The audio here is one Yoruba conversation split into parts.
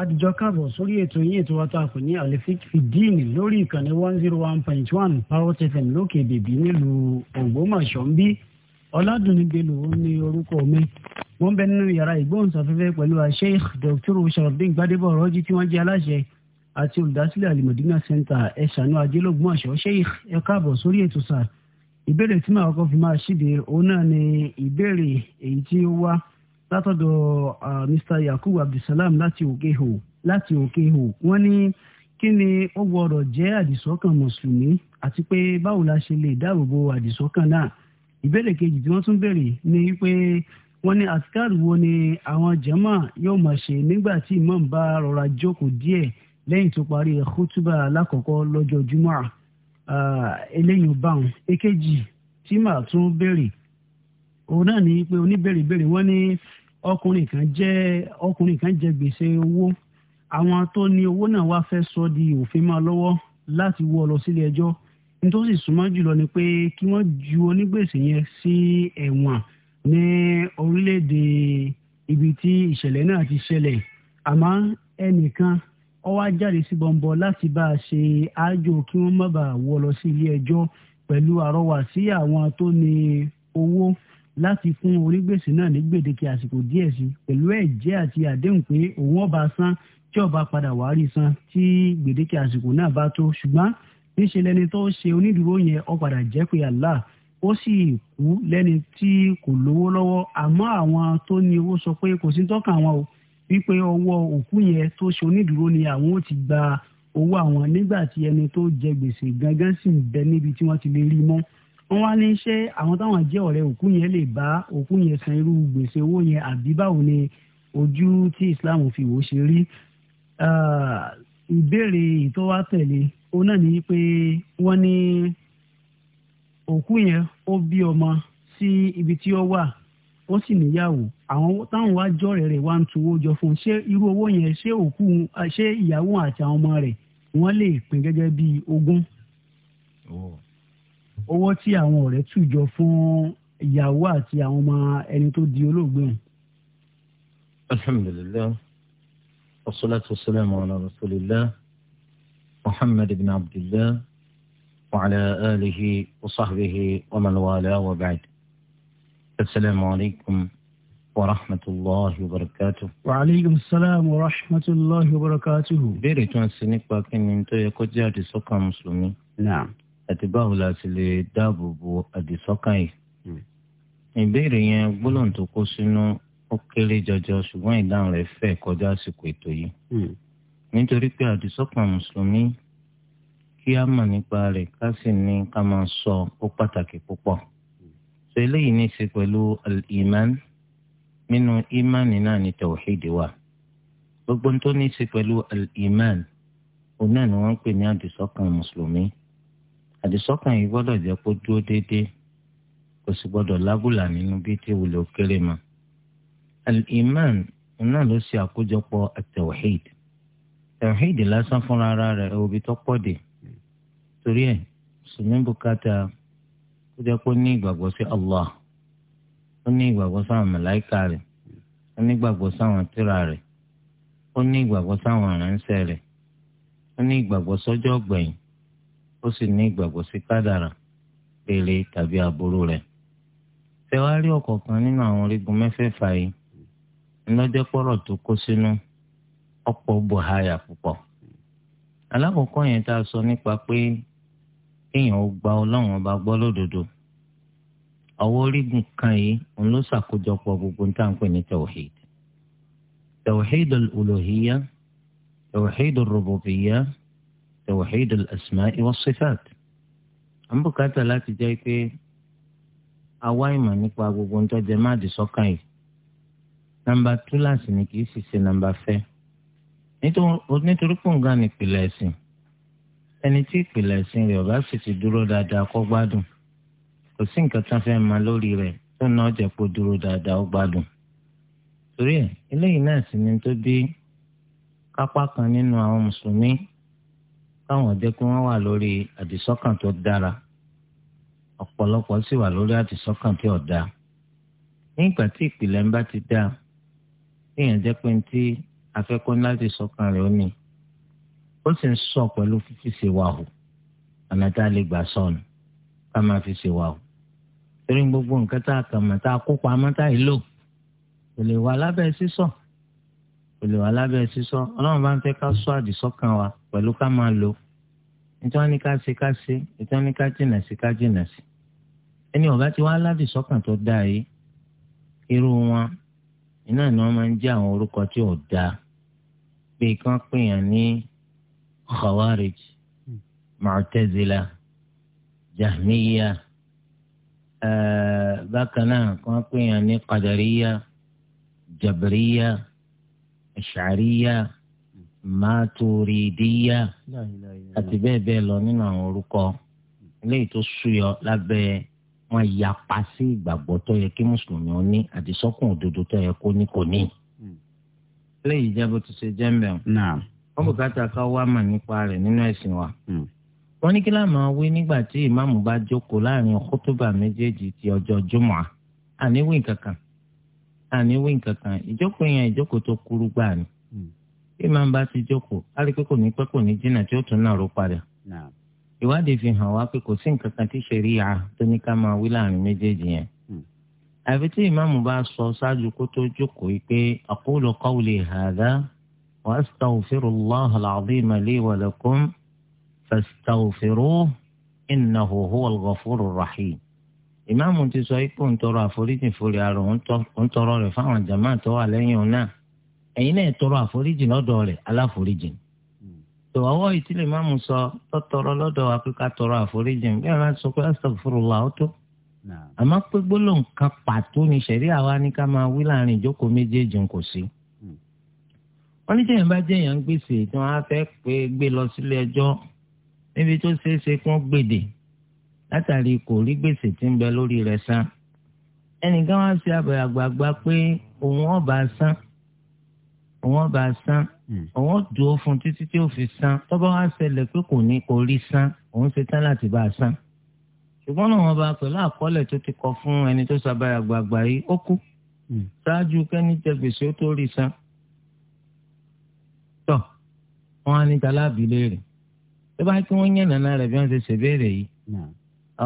àdìjọ káàbọ̀ sórí ètò yín ètò wa tá a kò ní alefik fìdíìnì lórí ìkànnì one zero one point one power fm lókè bèbí nílùú ògbómọ̀ṣọ́ ń bí ọ̀làdùnnígbèlò ní orúkọ mi wọ́n bẹ nínú yàrá ìgbóhùnsáfẹ́fẹ́ pẹ̀lú sheikh dr sharafdin gbadebo ọ̀rọ́jì tí wọ́n jẹ́ aláṣẹ àti olùdásílẹ̀ alimọ̀dínà center ẹ̀ṣánú ajẹ́lógúnmọ̀ṣọ́ sheikh ẹ káàbọ̀ sórí ètò sáà ìbéèrè tí màá kọ́ fi látọ̀dọ̀ Mr Yakubu Abdulsalam láti Òkèhò láti Òkèhò wọ́n ní kí ni ó gbọ́dọ̀ jẹ́ àdìsọ́kàn mùsùlùmí àti pé báwo la ṣe lè dáàbòbò àdìsọ́kàn náà ìbéèrè kejì tí wọ́n tún béèrè ni pé wọ́n ní àtikáàrù wo ni àwọn jàmá yóò máa ṣe nígbà tí imam bá rọra jókòó díẹ̀ lẹ́yìn tó parí khutubah alákọ̀ọ́kọ́ lọ́jọ́ jumọ́ eléyìí ò báwọn èkejì tí màá tún béèrè òun náà ní pé oníbèrèbèrè wọ́n ní ọkùnrin kan jẹ́ ọkùnrin kan jẹ gbèsè owó àwọn tó ní owó náà wá fẹ́ sọ di òfin máa lọ́wọ́ láti wọ́ ọ lọ sílé ẹjọ́ nítòsí súnmọ́ jùlọ ni pé kí wọ́n ju onígbèsè yẹn sí ẹ̀wọ̀n ní orílẹ̀-èdè ibi tí ìṣẹ̀lẹ̀ náà ti ṣẹlẹ̀ àmọ́ ẹnìkan ó wá jáde sí bọ̀ǹbọ̀ láti bá a ṣe àájò kí wọ́n má bàa wọ́ lọ sí ilé ẹjọ́ pẹ̀lú àrọwà sí àwọn tó ní owó láti fún onígbèsè náà ní gbèdéke àsìkò díẹ̀ sí pẹ̀lú ẹ̀jẹ́ àti àdéhùn pé òun ọba san tí ọba padà wàá rí san tí gbèdéke àsìkò náà bá tó ṣùgbọ́n níṣe lẹni tó ṣe onídùúró yẹn ó padà jẹ́ pé Allah ó sì kú lẹ́ni tí kò lówó lọ́wọ́ àmọ́ àwọn tó ní owó sọ pé kò sí tọ́ka àwọn o wípé ọwọ́ òkú yẹn tó ṣe onídùúró ni àwọn ò ti gba owó àwọn nígbà tí ẹni tó jẹ gbèsè gangan sì ń bẹ níbi tí wọ́n ti lè rí mọ́ wọ́n wá ní ṣé àwọn táwọn jẹ́ ọ̀rẹ́ òkú yẹn lè bá òkú yẹn san irú gbèsè owó yẹn àbí báwo ni ojú tí Islam fi wò ṣe rí ìbéèrè ìtọ́wá tẹ̀lé ó náà ní pé wọ́n ní òkú yẹn ó bí ọmọ sí ibi tí ó wà ó sì níyàwó àwọn táwọn wá jọ̀rẹ̀ rẹ̀ wá ń tuwó jọ fún un ṣé irú owó yẹn ṣé òkú ṣé ìyàwó àti àwọn ọmọ rẹ̀ wọ́n lè pín gẹ́gẹ́ bí ogún. Oh. owó tí àwọn ọ̀rẹ́ tù jọ fún ìyàwó àti àwọn ọmọ ẹni tó di olóògbé hàn. alhamdulilayi wasalaatu wasalaamu ala rasulillah muhammad ibn abdillah wa ala alihi wa sahbihi wa man wala wa ba'd asalaamu alaykum. wa wa wa rahmatulahi barakatu. aleykum salaam ورحمة الله وبركاته وعليكم السلام ورحمة الله وبركاته بيري تون سنك باكين انتو يكو جادي سوكا mùsùlùmí. naam. àti báwo la ti lè dáàbò bo àdìsọ́kàn yìí. Hmm. ìbéèrè yẹn gbólóhùn tó kó sínú ó kéré jọjọ ṣùgbọ́n ìdáhùn rẹ̀ fẹ̀ kọjá àsìkò ètò yìí. Hmm. nítorí pé àdìsọ́kàn mùsùlùmí kí a mọ̀ nípa rẹ̀ ká sì ní ká máa sọ ó pàtàkì púpọ̀. sọ eléyìí ní í ṣe pẹ̀lú iman nínú ìmánì náà ní tawhid wa. gbogbo tó ní í ṣe pẹ̀lú iman òun náà ni wọ́n ń pè ní àdìsọ́kàn mùsùlùmí. àdìsọ́kàn yìí gbọ́dọ̀ jẹ́ kó dúró déédéé kò sì gbọ́dọ̀ lábùlà nínú bí tí wùlé òkèrè mọ́. al-iman náà ló ṣe àkójọpọ̀ tawhid tawhid lásán fúnra ara rẹ̀ òbí tó pọ̀ torí ẹ̀ sùnmí ní ìgbàgbọ́ sí ó ní ìgbàgbọ́ sáwọn rẹ̀ ó ní ìgbàgbọ́ ó sì ní ìgbàgbọ́ sí kádàrà péré tàbí aburú rẹ̀. tẹwárí ọ̀kọ̀ọ̀kan nínú àwọn orígun mẹ́fẹ̀ẹ̀fà yìí ńlọ́jẹ́ pọ̀rọ̀ tó kó sínú ọ̀pọ̀ buhaya púpọ̀. alákọ̀ọ́kọ́ yẹn tá a sọ nípa pé kéèyàn ó gba ọlọ́run ọba gbọ́ lódodo ọwọ́ orígun kan yìí òun ló ṣàkójọpọ̀ gbogbo ń pè ní توحيد الأسماء والصفات أم بكاتا لا تجاي في أواي ما نكوا بوبون تجمع ما دي سوكاي نمبر تو لاسي نكي سيسي نمبر فيه nítorí pò ń gan ní ìpìlẹ̀ ẹ̀sìn ẹni tí ìpìlẹ̀ ẹ̀sìn rẹ̀ ọ̀bá sì ti dúró dáadáa kó gbádùn kò sí nǹkan tán fẹ́ máa lórí rẹ̀ tó náà jẹ́ kó dúró dáadáa ó gbádùn. torí ẹ̀ eléyìí náà sì ni tó bí kápá kan nínú àwọn mùsùlùmí káwọn jẹ́ kí wọ́n wà lórí àdìsọ́kàn tó dára ọ̀pọ̀lọpọ̀ sì wà lórí àdìsọ́kàn tí ò dáa nígbà tí ìpìlẹ̀ ń bá ti dáa èèyàn jẹ́ pé tí afẹ́kọ́ láti sọ́kàn rẹ̀ ó ní ó sì ń sọ pẹ̀lú fífi ṣe wà hù ànátá lè gbà sọnù ká máa fi ṣe wà torí gbogbo nǹkan tá a kàn mọ́ tá a kópa mọ́ tá a lò kò lè wà lábẹ́ sísọ. So kò lè wà lábẹ́ sísọ ọlọ́run bá ń fẹ́ ká sọ àdìsọ́kàn wa pẹ̀lú ká máa lò nítorí ní ká ṣe ká ṣe nítorí ní ká jìnà sí ká jìnà sí ẹni ọ̀gá tí wàá ládìsọ́kàn tó dáa yìí irú wọn iná ni wọ́n máa ń jẹ́ àwọn orúkọ tí ò dáa pé kí wọ́n ní khawarij mu'tazila jahmiya eh, bákan náà kí wọ́n ní qadariya jabriya ẹ̀ṣàríyà mátòrídíyà àti bẹ́ẹ̀ bẹ́ẹ̀ lọ nínú àwọn orúkọ eléyìí tó súyọ lábẹ́ wọn yapa sí ìgbàgbọ́ tó yẹ kí mùsùlùmí ó ní àti sọ́kùn òdodo tó yẹ kó ní kò ní. eléyìí jẹ́ bó ti ṣe jẹ́ ń bẹ̀rù. wọ́n bùkátà ká wá mà nípa rẹ̀ nínú ẹ̀sìn wa. Hmm. wọ́n ní kí láà máa wí nígbà tí ìmáàmù bá jókòó láàrin kótóbà méjèèjì ti ọjọ́ jùmọ̀ àníwìn kankan àní wí nǹkan kan ìjókòó yẹn ìjókòó tó kúrú gbà ni hmm. bí màá bá ti jókòó arípé kò ní pẹ́ kò ní jìnnà tí ó tún náà ró padà ìwádìí fi hàn wá pé kò sí nǹkan kan tí ṣẹ̀ríà tó ní ká máa wí láàrin méjèèjì yẹn hmm. àfi tí ìmáàmù bá sọ ṣáájú kó tó jókòó pé aqulu qawli hadha wa astaghfirullaha al-azima li wa lakum fastaghfiruhu innahu ìmáàmù ti sọ ipò ń tọrọ àforíjì forí ara òun tọrọ rẹ̀ fáwọn jàmáà tó wà lẹ́yìn òun náà ẹ̀yin náà tọrọ àforíjì lọ́dọ̀ rẹ̀ aláforíjì tó ọwọ́ ìtìlẹ̀ ìmáàmù sọ tọ́tọrọ lọ́dọ̀ àpéká tọrọ àforíjì bí wọn sọ pé astaghfirullah ó tó àmọ́ pé gbólóhùn kan pàtó ni ṣẹ̀rí àwa ní ká máa wí láàrin ìjókòó méjèèjì kò sí hmm. wọ́n ní jẹ́yìn bá jẹ́yìn gbèsè tí wọ́n á fẹ́ pé gbé lọ sílé ẹjọ́ níbi tó ṣeé ṣe kí gbèdè látàrí kò rí gbèsè tí ń bẹ lórí rẹ̀ san ẹnìkan wá sí abẹ àgbààgbà pé òun ọba san òun ọba san hmm. òun dúró fún títí tí ó fi san tọ́ba wá ṣẹlẹ̀ pé kò ní kò rí san òun ṣe tán láti bá a san ṣùgbọ́n náà wọn bá pẹ̀lú àkọọ́lẹ̀ tó ti kọ fún ẹni tó sábà àgbààgbà yìí ó kú hmm. ṣáájú kẹ́ni jẹ gbèsè ó tó rí san tọ́ wọn á ní talábìlẹ̀ rẹ̀ tó bá kí wọ́n yẹn nàná rẹ̀ bí wọ́n ṣe ṣèbéèrè yìí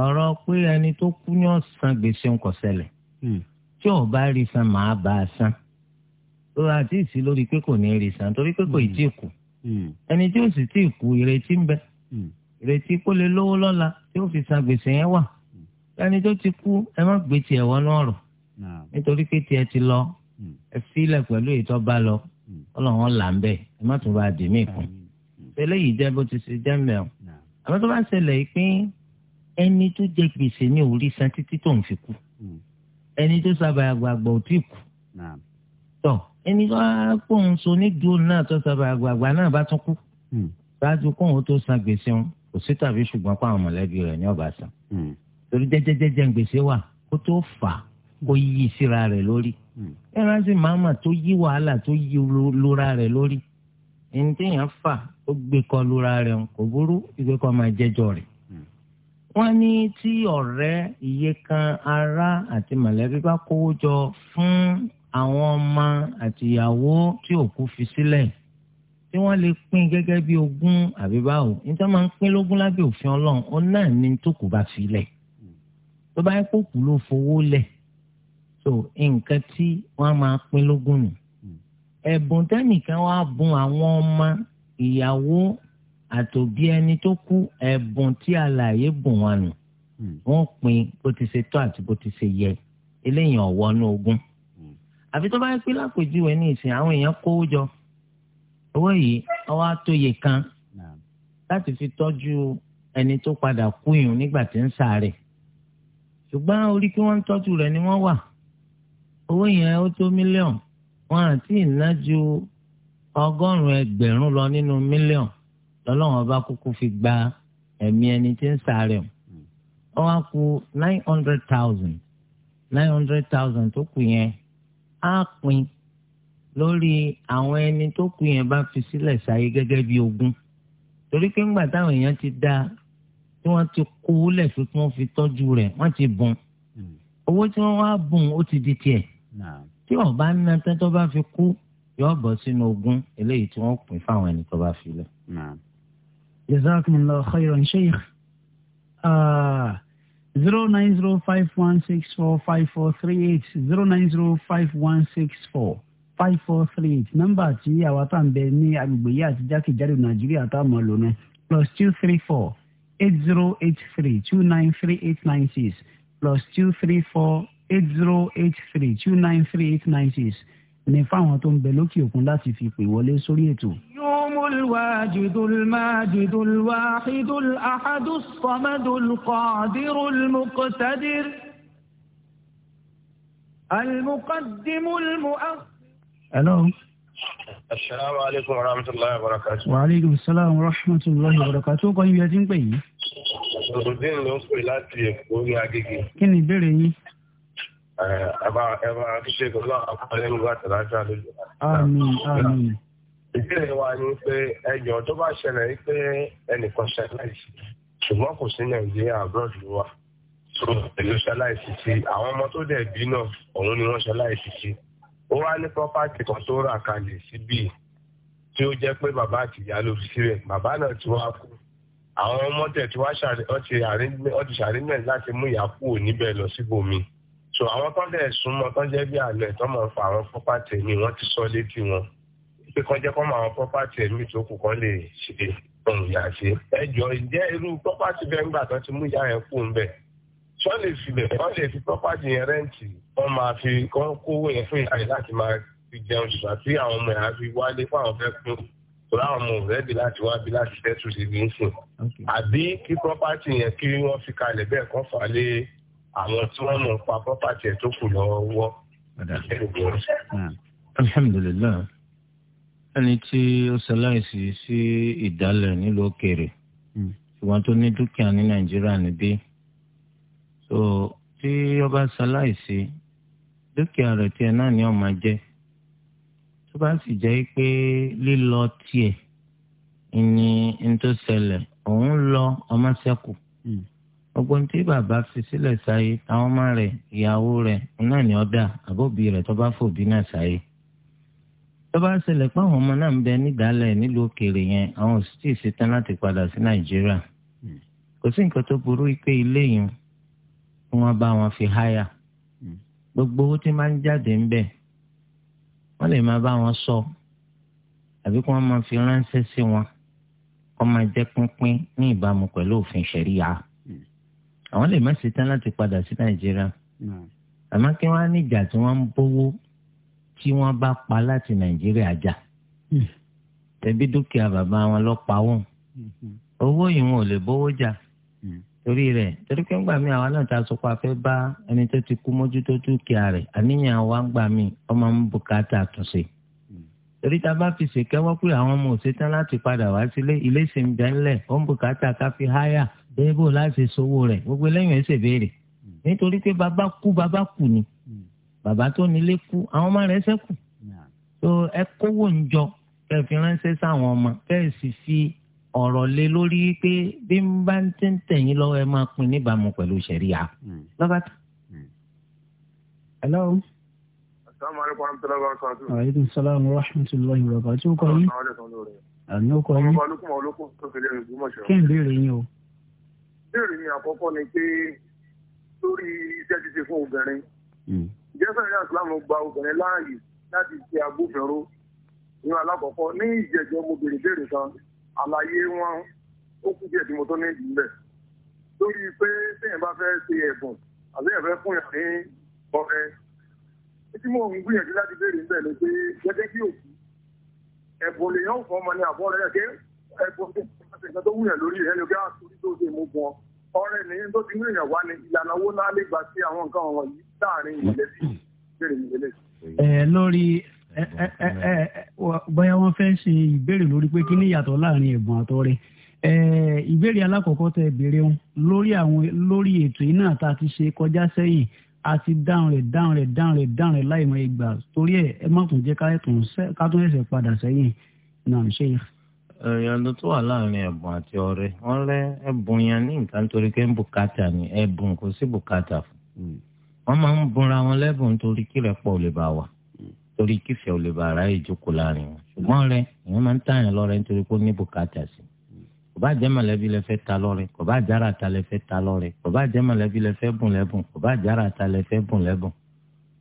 ọ̀rọ̀ pé ẹni tó kú ní ọ̀sán gbèsè ńkọ̀ ṣẹlẹ̀ hmm. tí ò bá rí san màá bá a san ó àti ìsí lórí pé kò ní rí san torí pé kò ì hmm. tí ì kú hmm. ẹni tí ó sì tí ì kú ìrètí ń bẹ ìrètí kó lè lówó lọ́la tí ó fi san gbèsè yẹn wà ẹni tó ti kú ẹ má gbé tiẹ̀ wọ́n náà nítorí pé tiẹ̀ ti lọ ẹ sílẹ̀ pẹ̀lú ìtọ́ bá lọ ọlọ́run là ń bẹ̀ ẹ má tún bá a dì mí kù eléyìí jẹ́ bó ti ṣe jẹ́ mẹ́ọ̀ àmọ́ bá ń ṣẹlẹ̀ pín ẹni tó jẹ gbèsè ní orí san títí tó ń fi kú hmm. ẹni tó sábàá gbàgbà ò tí kú tọ ẹni tó á pòun so nídùú náà tó sábàá gbàgbà náà bá tún kú hmm. ṣáájú kóun tó san gbèsè ń kò sí tàbí ṣùgbọ́n pa àwọn mọ̀lẹ́bí rẹ̀ ní ọ̀bà san hmm. torí jẹ́jẹ́jẹ́jẹ́ gbèsè wà kó tó fà á kó yí síra rẹ̀ lórí ẹran sì tó yí wàhálà tó yí lóra rẹ̀ lórí ẹni téèyàn fà ó gbé kọ lóra rẹ̀ kò burú ìgbé kọ máa jẹ́jọ́ rẹ̀ wọ́n ní tí ọ̀rẹ́ iye kan ará àti mọ̀lẹ́bí bá kówó jọ fún àwọn ọmọ àtìyàwó tí òkú fi sílẹ̀ tí wọ́n lè pín gẹ́gẹ́ bí ogún àbí báwo níta máa ń pín lógún lábẹ́ òfin ọlọ́run ó náà ní tó kù bá filẹ̀ tó bá yẹ kó kù ló fowó lẹ̀ so nǹkan tí wọ́n máa pín lógún nù ẹ̀bùn tẹ́nìkan wá bùn àwọn ọmọ ìyàwó àtòbí ẹni tó kú ẹ̀bùn tí alààyè bùn wọn nù hmm. wọ́n pín bó ti ṣe tọ́ àti bó ti ṣe yẹ eléyìí ọ̀wọ́ ní ogún. Hmm. àfi tó bá pín lápèjúwe ní ìsìn àwọn èèyàn kówó jọ owó yìí ọwọ́ àtòyè kan láti fi tọ́jú ẹni tó padà kúyùn nígbà tí ń sàárẹ̀ ṣùgbọ́n orí kí wọ́n ń tọ́jú rẹ̀ ni wọ́n wà owó yẹn ó tó mílíọ̀nù wọn àti ìná ju ọgọ́rùn-ún ẹgbẹ̀rún lọ nínú mílíọ̀nù lọ́lọ́run ọba kúkú fi gba ẹ̀mí ẹni tí ń sàárẹ̀ o wọ́n á kú nine hundred thousand nine hundred thousand tó kù yẹn á pín lórí àwọn ẹni tó kù yẹn bá fi sílẹ̀ sáyé gẹ́gẹ́ bí ogún torí pé ńgbà táwọn èèyàn ti dá tí wọ́n ti kó lẹ̀ fi kí wọ́n fi tọ́jú rẹ̀ wọ́n ti bùn owó tí wọ́n wá bùn ó ti di tiẹ̀ tí ọba ń ná bá fi kú yóò bọ́ sínú ogún eléyìí tí wọ́n pín fáwọn ẹni tó bá fi lẹ̀ jazakumullahu khairan sheikh uh, zero nine zero five one six four five four three eight zero nine zero five one six four five four three eight nọ́mbà tí àwa tá à ń bẹ ní agbègbè yìí àti jákèjádò nàìjíríà plus two three four eight zero eight three two nine three eight nine six plus two three four eight zero eight three two nine three eight nine six. ní fáwọn tó ń bẹ lókè òkun láti fi pè wọlé sórí ètò. hello. asalaamu aleykum wa rahmatulahi wa barakatu. wa aleykum salaam wa rahmatulahi wa barakatu. ó kọ́ ibi ẹ ti ń pè yìí. olùdín ló ń pè láti èkó ní agége. kí ni ìbéèrè yín. ẹ̀bá ẹ̀bá ṣíṣe kọ́lá àpọ́lẹ́ nígbà tẹ̀láṣà lójú. ìbéèrè wa ni pé ẹjọ́ tó bá ṣẹlẹ̀ pé ẹnìkan ṣaláìsí ṣùgbọ́n kò sí nàìjíríà abroad ló wà tó ìlú ṣaláìsí sí àwọn ọmọ tó dẹ̀ bí náà òun ni wọ́n ṣaláìsí sí ó wá ní pọ́pátì kan tó rà kalẹ̀ síbí tí ó jẹ́ pé bàbá àti ìyá ló fi sílẹ̀ bàbá náà ti wá kú àwọn ọmọ tẹ̀ tí wọ́n ti ṣàrímẹ̀ láti mú ìyá kúrò níbẹ̀ lọ síbòmíì so àwọn tó dẹ̀ súnmọ́ tó jẹ́ bí àlẹ́ tó mọ̀ fa àwọn property mi wọ́n ti sọ létí wọn pé kọ́ jẹ́ kọ́ mọ àwọn property mi tó kù kọ́ lè ṣe ohun ìyá ṣe ẹjọ́ ìjẹ́ irú property bẹ́ẹ̀ ńgbà tó ti mú ìyá yẹn kú ń bẹ̀ tó lè fi bẹ̀ wọ́n lè fi property yẹn rẹ́ǹtì wọ́n máa fi kọ́ kówó yẹn fún ìyá yẹn láti máa fi jẹun ṣùgbọ́n tí àwọn ọmọ yẹn fi wálé fún àwọn fẹ́ kún àwọn ọmọ rẹ bi láti wá bi láti tẹ́tù sí bí ń sìn àbí kí property yẹn kí wọ́n fi kalẹ̀ bẹ́ẹ̀ kọ́ fà lé àwọn tí wọ́n mọ̀ pa property ẹ̀ tó kù lọ́wọ́ alhamdulilayi ẹni tí ó ṣaláìsí sí ìdálẹ̀ nílùú òkèèrè hmm. ṣùgbọ́n tó ní dúkìá ní nàìjíríà níbí so tí ó bá ṣaláìsí dúkìá rẹ̀ tiẹ̀ náà ni ó máa jẹ́ tó bá sì jẹ́ pé lílọ tiẹ̀ ni n tó ṣẹlẹ̀ òun lọ ọmọ ṣẹ́kù. Hmm ọgbọ́n tí bàbá fi sílẹ̀ sáyé àwọn ọmọ rẹ̀ ìyàwó rẹ̀ náà ni ọ̀dà àbóbí rẹ̀ tó bá fòbí náà sáyé. tó bá ṣẹlẹ̀ pé àwọn ọmọ náà ń bẹ nídàálẹ̀ nílùú òkèèrè yẹn àwọn ò sì tí ì ṣetán láti padà sí nàìjíríà. kò sí nǹkan tó burú pé ilé yìí wọ́n bá wọn fi háyà. gbogbo owó tí máa ń jáde ń bẹ̀ wọ́n lè máa bá wọn sọ àbí kí wọ́n máa fi ránṣẹ́ sí wọn kó máa àwọn lè má ṣetán láti padà sí nàìjíríà àmọ́ kí wọ́n á níjà tí wọ́n ń bówó tí wọ́n bá pa láti nàìjíríà jà hmm. tẹ̀bí dúkìá bàbá wọn lọ pa wọ́n hmm. owó yìí wọn ò lè bówó jà hmm. torí rẹ̀ torí pé ńgbà mí àwa náà ta sọ pé a fẹ́ bá ẹni tó ti kú mójútó dúkìá rẹ̀ àníyàn wa ńgbà mí ọmọ ń bùkátà àtúnṣe torí tá a bá fi ṣèkẹ́wọ́ pé àwọn ọmọ òṣètán láti padà wá sílé ilé sì bẹ́ńlẹ̀ ó ń bùkátà ká fi háyà bẹ́ẹ̀ bó láti sowó rẹ̀ gbogbo eléyìí ẹ̀ ṣèbéèrè nítorí pé bàbá kú bàbá kú ni bàbá tó nílé kú àwọn ọmọ rẹ̀ ṣẹ́kù tó ẹ kówó ń jọ kẹ́ fi ránṣẹ́ sáwọn ọmọ kẹ́ ẹ sì fi ọ̀rọ̀ lé lórí pé bí n bá ti ń tẹ̀yìn lọ́wọ́ ẹ máa pin níbàámu pẹ̀lú ṣẹ̀ríà lọ́ba tó. hello. asalaamualeykum wa rahmatulahi wa barakatuh. kí n kọ́ yín. àmì ó kí n béèrè yín o béèrè mi àkọ́kọ́ ni pé lórí iṣẹ́ ṣíṣe fún obìnrin hmm. jẹ́sẹ̀ ní àsìlámù gba obìnrin láàyè láti ṣe agbófinró ní alákọ̀ọ́kọ́ ní ìjẹ̀jọ́ mo béèrè béèrè kan àlàyé wọn ó kú díẹ̀ tí mo tó ní ìdílẹ̀ lórí pé téèyàn bá fẹ́ ṣe ẹ̀bùn àbí ẹ̀fẹ́ fún yàn ní ọrẹ tí mo ń gbìyànjú láti béèrè níbẹ̀ ni pé gẹ́gẹ́ bí òkú ẹ̀bùn lèèyàn fọ́ ọmọ ní àbọ̀ rẹ̀ kẹ́ ẹ̀bùn àtẹ̀gbẹ́ tó wúyàn lórí rẹ̀ lókè àtúrí tó ṣe mú gan ọ̀rẹ́ ní tó ti wúyàn wá ní ìlànà owó náà lè gbà sí àwọn nǹkan wọ̀nyí láàrin ìlẹ́sì ìbéèrè ìbéèrè. ẹ lórí bóyá wọ́n fẹ́ ṣe ìbéèrè lórí pé kí ni ìyàtọ̀ láàrin ẹ̀bùn àtọrẹ ìbéèrè alákọ̀ọ́kọ́ tẹ béèrè wọn lórí àwọn lórí ètò iná tá a ti ṣe kọjá sẹ́yìn a ti dáhùn rẹ̀ dáhùn rẹ̀ dáhùn rẹ̀ dáhùn rẹ̀ láì mọ ìgbà torí ẹ̀ ẹ má tún jẹ́ ká tún ẹsẹ̀ padà sẹ́yìn náà ṣe é ìyàtọ̀ tó wà láàrin ẹ̀bùn àti ọrẹ wọn rẹ ẹ̀bùn yẹn ní nǹkan torí pé ń bùkátà ni ẹ̀bùn kò sí bùkátà fún hmm. wọn máa ń bunra wọn lẹ́bùn torí kí rẹ̀ pọ̀ lè bá wà hmm. torí kífẹ̀ ò lè bá ara ìjókòó láàrin wọn ṣùgbọ́n rẹ ìyẹn máa ń tààyàn lọ́rẹ nítorí pé ó ní bùkátà sí kò bá jẹ́ mọ̀lẹ́bí lẹ fẹ́ ta lọ́rẹ kò bá jára ta lẹ fẹ́ ta lọ́rẹ kò bá jẹ́ mọ̀lẹ́bí lẹ fẹ́ bùn lẹ́bùn kò bá jára ta lẹ fẹ́ bùn lẹ́bùn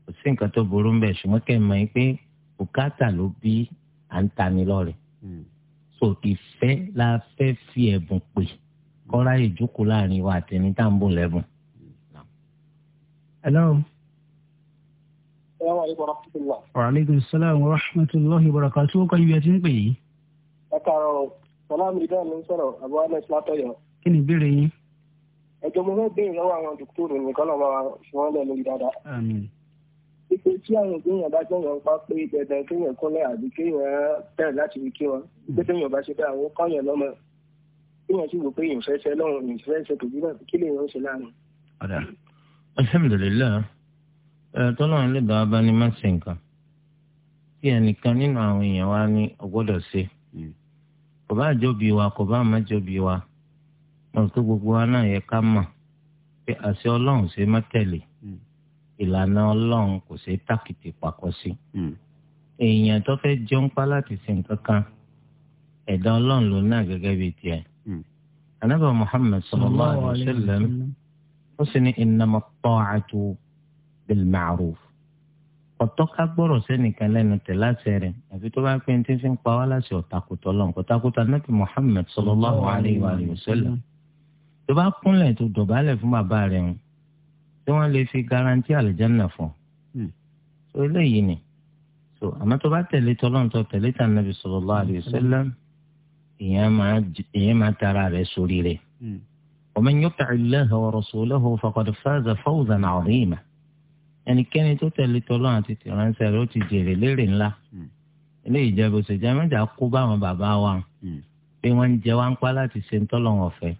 kò sí nǹkan tó burú ń bẹ ṣùgbọ́n kẹ́ ẹ̀ mọ̀ pé bùkátà ló bí à ń tani lọ́rẹ hmm so ìfẹ́ la fẹ́ fi ẹ̀bùn pè kọ́ra ìjókòó láàrin wa àti ẹni tá à ń bò lẹ́bùn. hello. Wa aleykum salaam wa rahmatullahi wa barakatuh. Ó kọ́ ibi ẹ ti ń pè yìí. Ẹ kàrọ̀ o, Sọláàmù Ìdá mi ń sọ̀rọ̀, àbúrò Alex Látọ̀yọ̀. Kí ni ìbéèrè yín? Ẹ̀jọ̀ mo fẹ́ béèrè lọ́wọ́ àwọn dòkítọ́rù nìkan pípé tí àwọn ògbóyàn bá gbọ́yàn pa pé dandan kéèyàn kúnlẹ̀ àbí kéèyàn bẹ̀rẹ̀ láti fi kí wọn pé téèyàn bá ṣe bẹ́ẹ̀ àwọn kọ́yàn lọ́mọ kéèyàn sì wò pé èèyàn fẹ́ẹ́ ṣe lọ́rùn èèyàn fẹ́ẹ́ ṣe tòjú náà kí lèèyàn ń ṣe láàrin. ọ̀dà alhamdulilayi ẹ̀rọ tọ́lọ́run lè bá a bá ní má ṣe nǹkan kí ẹnìkan nínú àwọn èèyàn wa ní ọgbọ́dọ̀ ṣe hmm. kò bá jọbi wa kò bá má jọbi wa mọ̀ pé gbogbo wa náà yẹ ká mọ̀ pé àṣẹ ọlọ́run ṣe má tẹ̀lé ìlànà ọlọ́run kò ṣe é tàkìtì pakọ́ sí. Hmm. èèyàn tó fẹ́ jẹun pa láti sin nǹkan kan ẹ̀dá ọlọ́run ló náà gẹ́gẹ́ bíi tiẹ̀. anábà hmm. muhammed sallallahu alayhi wa sallam ó sì ní innama ta'atu bil ma'ruf. ọ̀tọ́ ká gbọ́rọ̀ sẹ́nìkan lẹ́nu tẹ̀ láti rẹ̀ àfi tó bá pé ní tí ń pa wá láti ọ̀takùtọ̀ lọ́n kọ́takùtọ̀ anábì muhammed sallallahu alayhi tó bá kúnlẹ̀ tó dọ̀bálẹ̀ fún bàbá rẹ̀ tí wọ́n lè fi garanti àlùjánnà fún hmm. so eléyìí ni so àmọ́ tó bá tẹ̀lé tọ́lọ́n tó tẹ̀lé tà nàbì sallallahu alaihi wasallam hmm. ìyẹn máa tara rẹ̀ sórí rẹ̀ hmm. wa man yuti' Allaha wa rasulahu faqad faza fawzan 'azima ẹnikẹ́ni tó tẹ̀lé tọ́lọ́ àti tìránṣẹ́ rẹ̀ ó ti jèrè lérè ńlá eléyìí jẹ́ bó ṣe jẹ́ mẹ́ta kó báwọn bàbá wa pé wọ́n ń jẹ wá pa láti ṣe ń tọ́lọ́ wọn fẹ́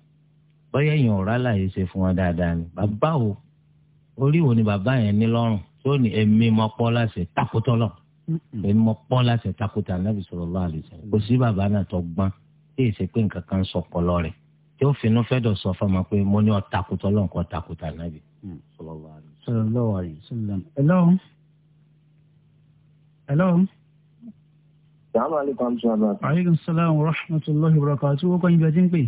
bọ́yá èèyàn ò rálá ṣe fún wọn dáadáa ni bàbá wo orí wo ni bàbá yẹn ní lọ́rùn tó ní èmi mọ pọ́ láṣẹ takótọ́ lọ èmi mọ pọ́ láṣẹ takótọ́ anábì sallallahu alaihi wasallam kò sí bàbá náà tó gbọ́n tí èsì pé nǹkan kan sọ pọlọ rẹ̀ tí ó finú fẹ́dọ̀ sọ fọmọ pé mo ní ọ takótọ́ lọ nǹkan takótọ́ anábì mm. sallallahu alaihi wasallam. sallallahu alaihi wasallam. hello. hello. salaamaleykum salaam. aleykum salaam wa rahmatulahi wa barakatuh wọ́n kọ́ ibi ẹtí ń pè.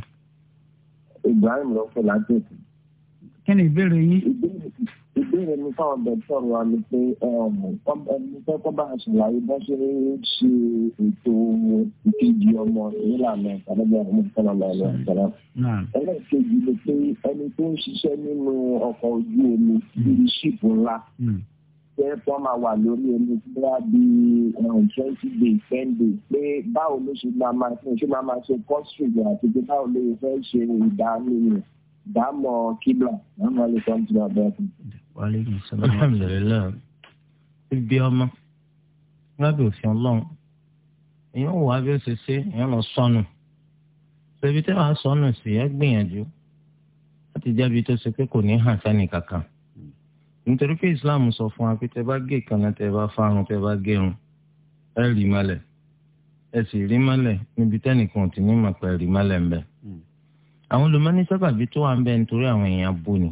ibrahim ló fẹ́ láti ètò. kí ni ìbéèrè ìbéèrè mi fáwọn dọ́kítọ̀rù wa ni pé ẹni um, fẹ́ kọ́ bá ṣàlàyé bá ṣe ń ṣe ètò ìkejì ọmọ nílànà ìpàdébẹ̀ ọmọ ìpàdébẹ̀ ọmọ ìpàdébẹ̀ ẹlẹ́ẹ̀kejì ni pé ẹni tó ń ṣiṣẹ́ nínú ọkọ̀ ojú omi bíi ṣìpù hmm. ńlá pé hmm. wọ́n máa wà lórí omi bóyá bíi um, twenty days ten days pé báwo ló ṣe máa máa ṣe ṣé máa máa ṣe kọ́sìtì àti pé báwo ló fẹ́ ṣe ìdámọ̀ waaleykum salaam. alhamdulilayi ibi ọmọ lábẹ́ òfin ọlọ́run èèyàn wò abẹ́ ṣẹṣẹ èèyàn lọ sọnù ṣẹbi tẹ́ wàá sọnù sí ẹ gbìyànjú láti jábí tó ṣe pé kò ní hàn sani kankan nítorí pé islam sọ fún wa pé tẹ́ bá gé ìkànnà tẹ́ bá fárun tẹ́ bá gérun ẹ rí malẹ̀ ẹ sì rí malẹ̀ níbi tẹ́nìkan tí ní màpẹ rí malẹ̀ ń bẹ. Hmm. àwọn olùmọ́ni sábàbí tó wà ń bẹ nítorí àwọn èèyàn bú ni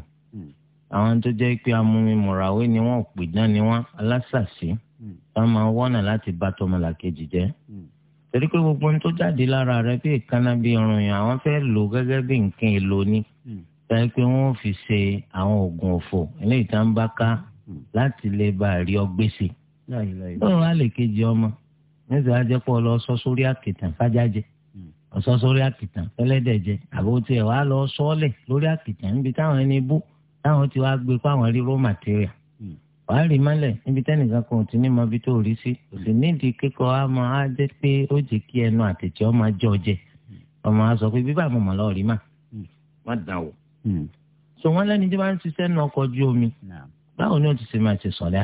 àwọn tó jẹ́ pé amúmimùràwé ni wọ́n pìdán ni wọ́n alásàsí hmm. wọ́n máa wọ́nà láti bá tọmọlà kejì jẹ́ hmm. torí pé gbogbo ohun tó jáde lára rẹ bí ìkànnà bí irun yẹn àwọn fẹ́ lò gẹ́gẹ́ bí nǹkan èlò ni hmm. tàbí pé wọ́n fi ṣe àwọn oògùn òfò eléyìí tá ń bá ká láti lè bá rí ọgbẹ́sẹ̀ lọ́wọ́ wá lè kejì ọmọ nígbà tó jẹ́ lọ sọ sórí àkìtàn fájájẹ́ ọ̀sọ́ sórí àkìtàn ẹlẹ́dẹ̀jẹ́ àbótiẹ̀ wá lọ sọ́ọ́lẹ̀ lórí àkìtàn níbi táwọn ẹni bú táwọn ti wá gbé pa àwọn rí raw material hmm. wàá rí mọ́lẹ̀ níbi tẹ́nìkan kan ò ti ní mọ ibi tó rí sí kò sì hmm. nídìí kíkọ́ á mọ á jẹ́ pé ó jẹ́ kí ẹnu àtẹ̀tẹ̀ ọmọ ajọ́ jẹ hmm. ọmọ á sọ pé bíbá àwọn ọmọ lọ́ọ̀rí mà má dàn wò. so wọn lẹni tí wọn ń ṣiṣẹ́ nu ọkọ̀ omi báwo ni o ti ṣe máa ṣe sọ̀lá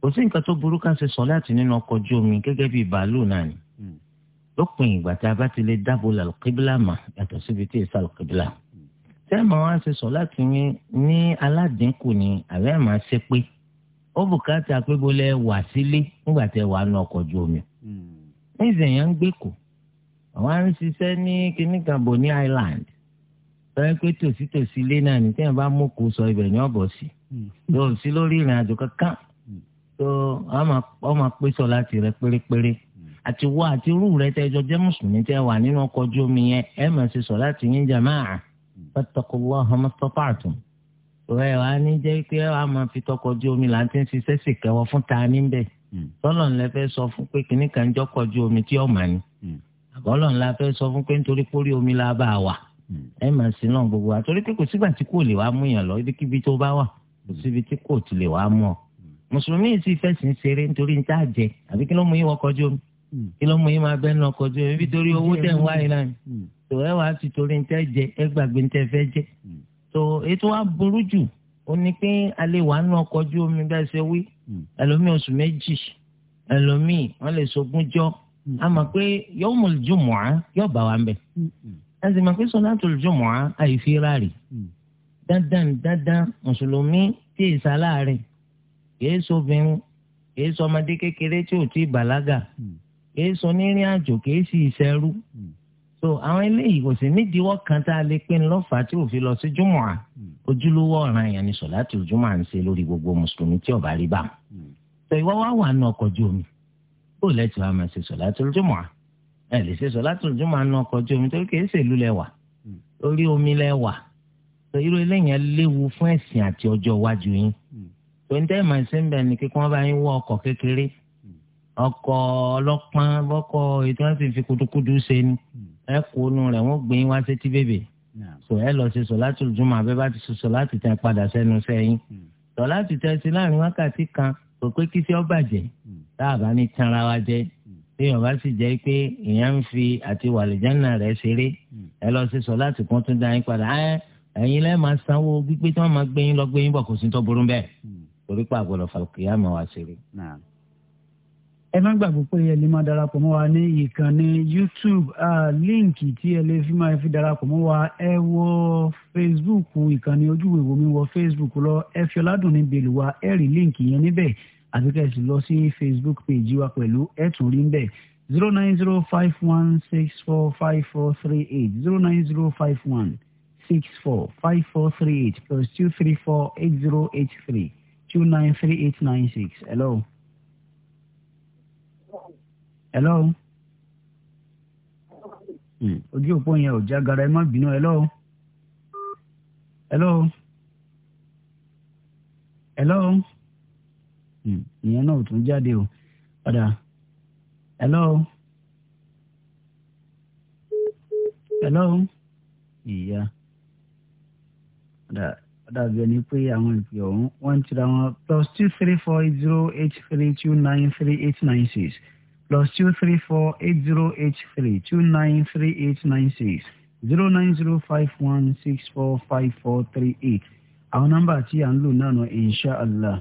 kò sí nǹkan tó burú ká ṣe sọ̀lá àti nínú ọkọ̀ ojú omi gẹ́gẹ́ bíi bàálù náà ni lópin ìgbà tá a bá ti lè dábò làlùkíbílà mà yàtọ̀ síbi tí ì sẹ́ẹ̀mà wá ṣe sọ láti ní aládínkù ni àbẹ́ máa ṣe pé ó bùkátà pé bọ́lẹ̀ wà sílé nígbà tẹ́ wàá nu ọkọ̀ ojú omi. Hmm. ní ìsẹ̀yìn ń gbé kù ń ṣiṣẹ́ ní Island tọ́yẹ́ pé tòsítòsí ilé náà ní bá mú kó sọ ibẹ̀ ní ọ̀bọ̀ sí hmm. yóò sí lórí ìrìn àjò kankan tó hmm. wọ́n máa pé sọ láti rẹ pérépéré àti àti rẹ jẹ́ mùsùlùmí tẹ́ wà nínú fattaqullaha mastata'tum rẹ wá ní jẹ́ pé a máa fi tọkọjú omi là ń ti ń ṣiṣẹ́ sì kẹwọ́ fún ta ní bẹ́ẹ̀ tọ́lọ̀ hmm. ńlá fẹ́ sọ fún pé kìnnì kan jọ́kọ̀jú omi tí ọ̀ màá ni àbọ̀lọ̀ hmm. ńlá fẹ́ sọ fún pé nítorí pórí omi la bá a wà hmm. ẹ máa sí náà gbogbo wa torí pé kò sígbà tí kò lè wá mú yàn lọ ibikíbi tó bá wà kò síbi tí kò ti wá mú ọ mùsùlùmí sì fẹ̀sìn ṣeré nítorí níta Hmm. kí ló mú yín máa bẹ́ẹ̀ náà kọjú ẹ̀ bí owó tẹ̀ ń wá náà hmm. hmm. tó ẹ wàá ti torí ń jẹ ẹ gbàgbé ń fẹ́ jẹ tó ètò wa burú jù ó ní pé alẹ́ wàá náà kọjú omi bẹ́ẹ̀ ṣe wí ẹlòmíì oṣù méjì ẹlòmíì wọ́n lè sogún jọ́ a mọ̀ pé yawmul jumu'a yóò bá wa ń bẹ̀ ẹ sì mọ̀ pé solatul jumu'a àyèfi ráàrì dandan dandan mùsùlùmí tí ì sáláàrin kìí sobìnrin kìí sọmọdé kékeré tí ò tí ì bàlágà kìí sọ onírìn àjò kìí sì ìṣẹ́rú hmm. so àwọn eléyìí kò sí nídìíwọ́ kan tá a lè pín in lọ́fà tí òfin lọ sí jùmọ̀ à hmm. ojúlówó ọ̀ràn yẹn ni sọ̀láàtì jùmọ̀ à ń ṣe lórí gbogbo mùsùlùmí tí ọ̀bá rí bá wọn. Hmm. sọ ìwọ wá wà nù ọkọ̀ ojú omi bó lẹ́tì wàá máa ṣe sọ̀láàtì jùmọ̀ à ẹ lè ṣe sọ̀láàtì jùmọ̀ à nù ọkọ̀ ojú torí kìí ṣèlú lẹ wà orí omi lẹ wà irú eléyìí léwu fún ẹ̀sìn àti ọjọ́ iwájú yín. tó ń tẹ́ ọkọ̀ ọlọ́pàá bọ́kọ̀ ètò àti fi kudukudu ṣe ni hmm. ẹ kó nu rẹ̀ wọ́n gbé wá sétí bèbè so ẹ lọ ṣe sọ̀láàtì jùmọ̀ abẹ́ bá ti ṣe sọ̀láàtì tẹ padà sẹ́nu sẹ́yìn hmm. sọ̀láàtì tẹ ti láàrin wákàtí kan kò pé kí sí ọ bàjẹ́ hmm. tá a bá ní tanra wa jẹ́ téèyàn bá sì jẹ́ pé èèyàn ń fi àti wàlìjánà rẹ̀ ṣeré ẹ lọ ṣe sọ̀láàtì kan tún dá yín padà ẹ ẹ̀yin lẹ́ẹ̀ máa sanwó gbígbé tí wọ́n máa gbé yín lọ gbé yín bọ̀ kò sí tó burú bẹ́ẹ̀ torí pé àgbọ̀dọ̀ fàlùkìyà máa wá ṣeré ẹ má gbàgbé pé ẹ lè máa darapọ̀ mọ́ wa ní ìkànnì youtube líǹkì tí ẹ lè fi máa fi darapọ̀ mọ́ wa ẹ wọ facebook ìkànnì ojúwe wo mi wọ facebook lọ ẹ fi ọládùn ní bèlú wa ẹ rí líǹkì yẹn níbẹ̀ àti kẹ́sì lọ sí facebook page wa pẹ̀lú ẹ tún rí níbẹ̀ zero nine zero five one six four five four three eight zero nine zero five one six four five four three eight plus two three four eight zero eight three two nine three eight nine six hello hello hmm. ojú òpó yẹn ò jágara ẹ má bínú hello hello hello hmm. ìyẹn náà ò tún jáde o padà hello hello ìyá padà dàbí ẹni pé àwọn ìpè ọ̀hún wọ́n ń tira wọn plus two three four zero eight three two nine three eight nine six plus two three four eight zero eight three two nine three eight nine six zero nine zero five one six four five four three eight àwọn nọ́mbà tí à ń lò náà nù inshàlá.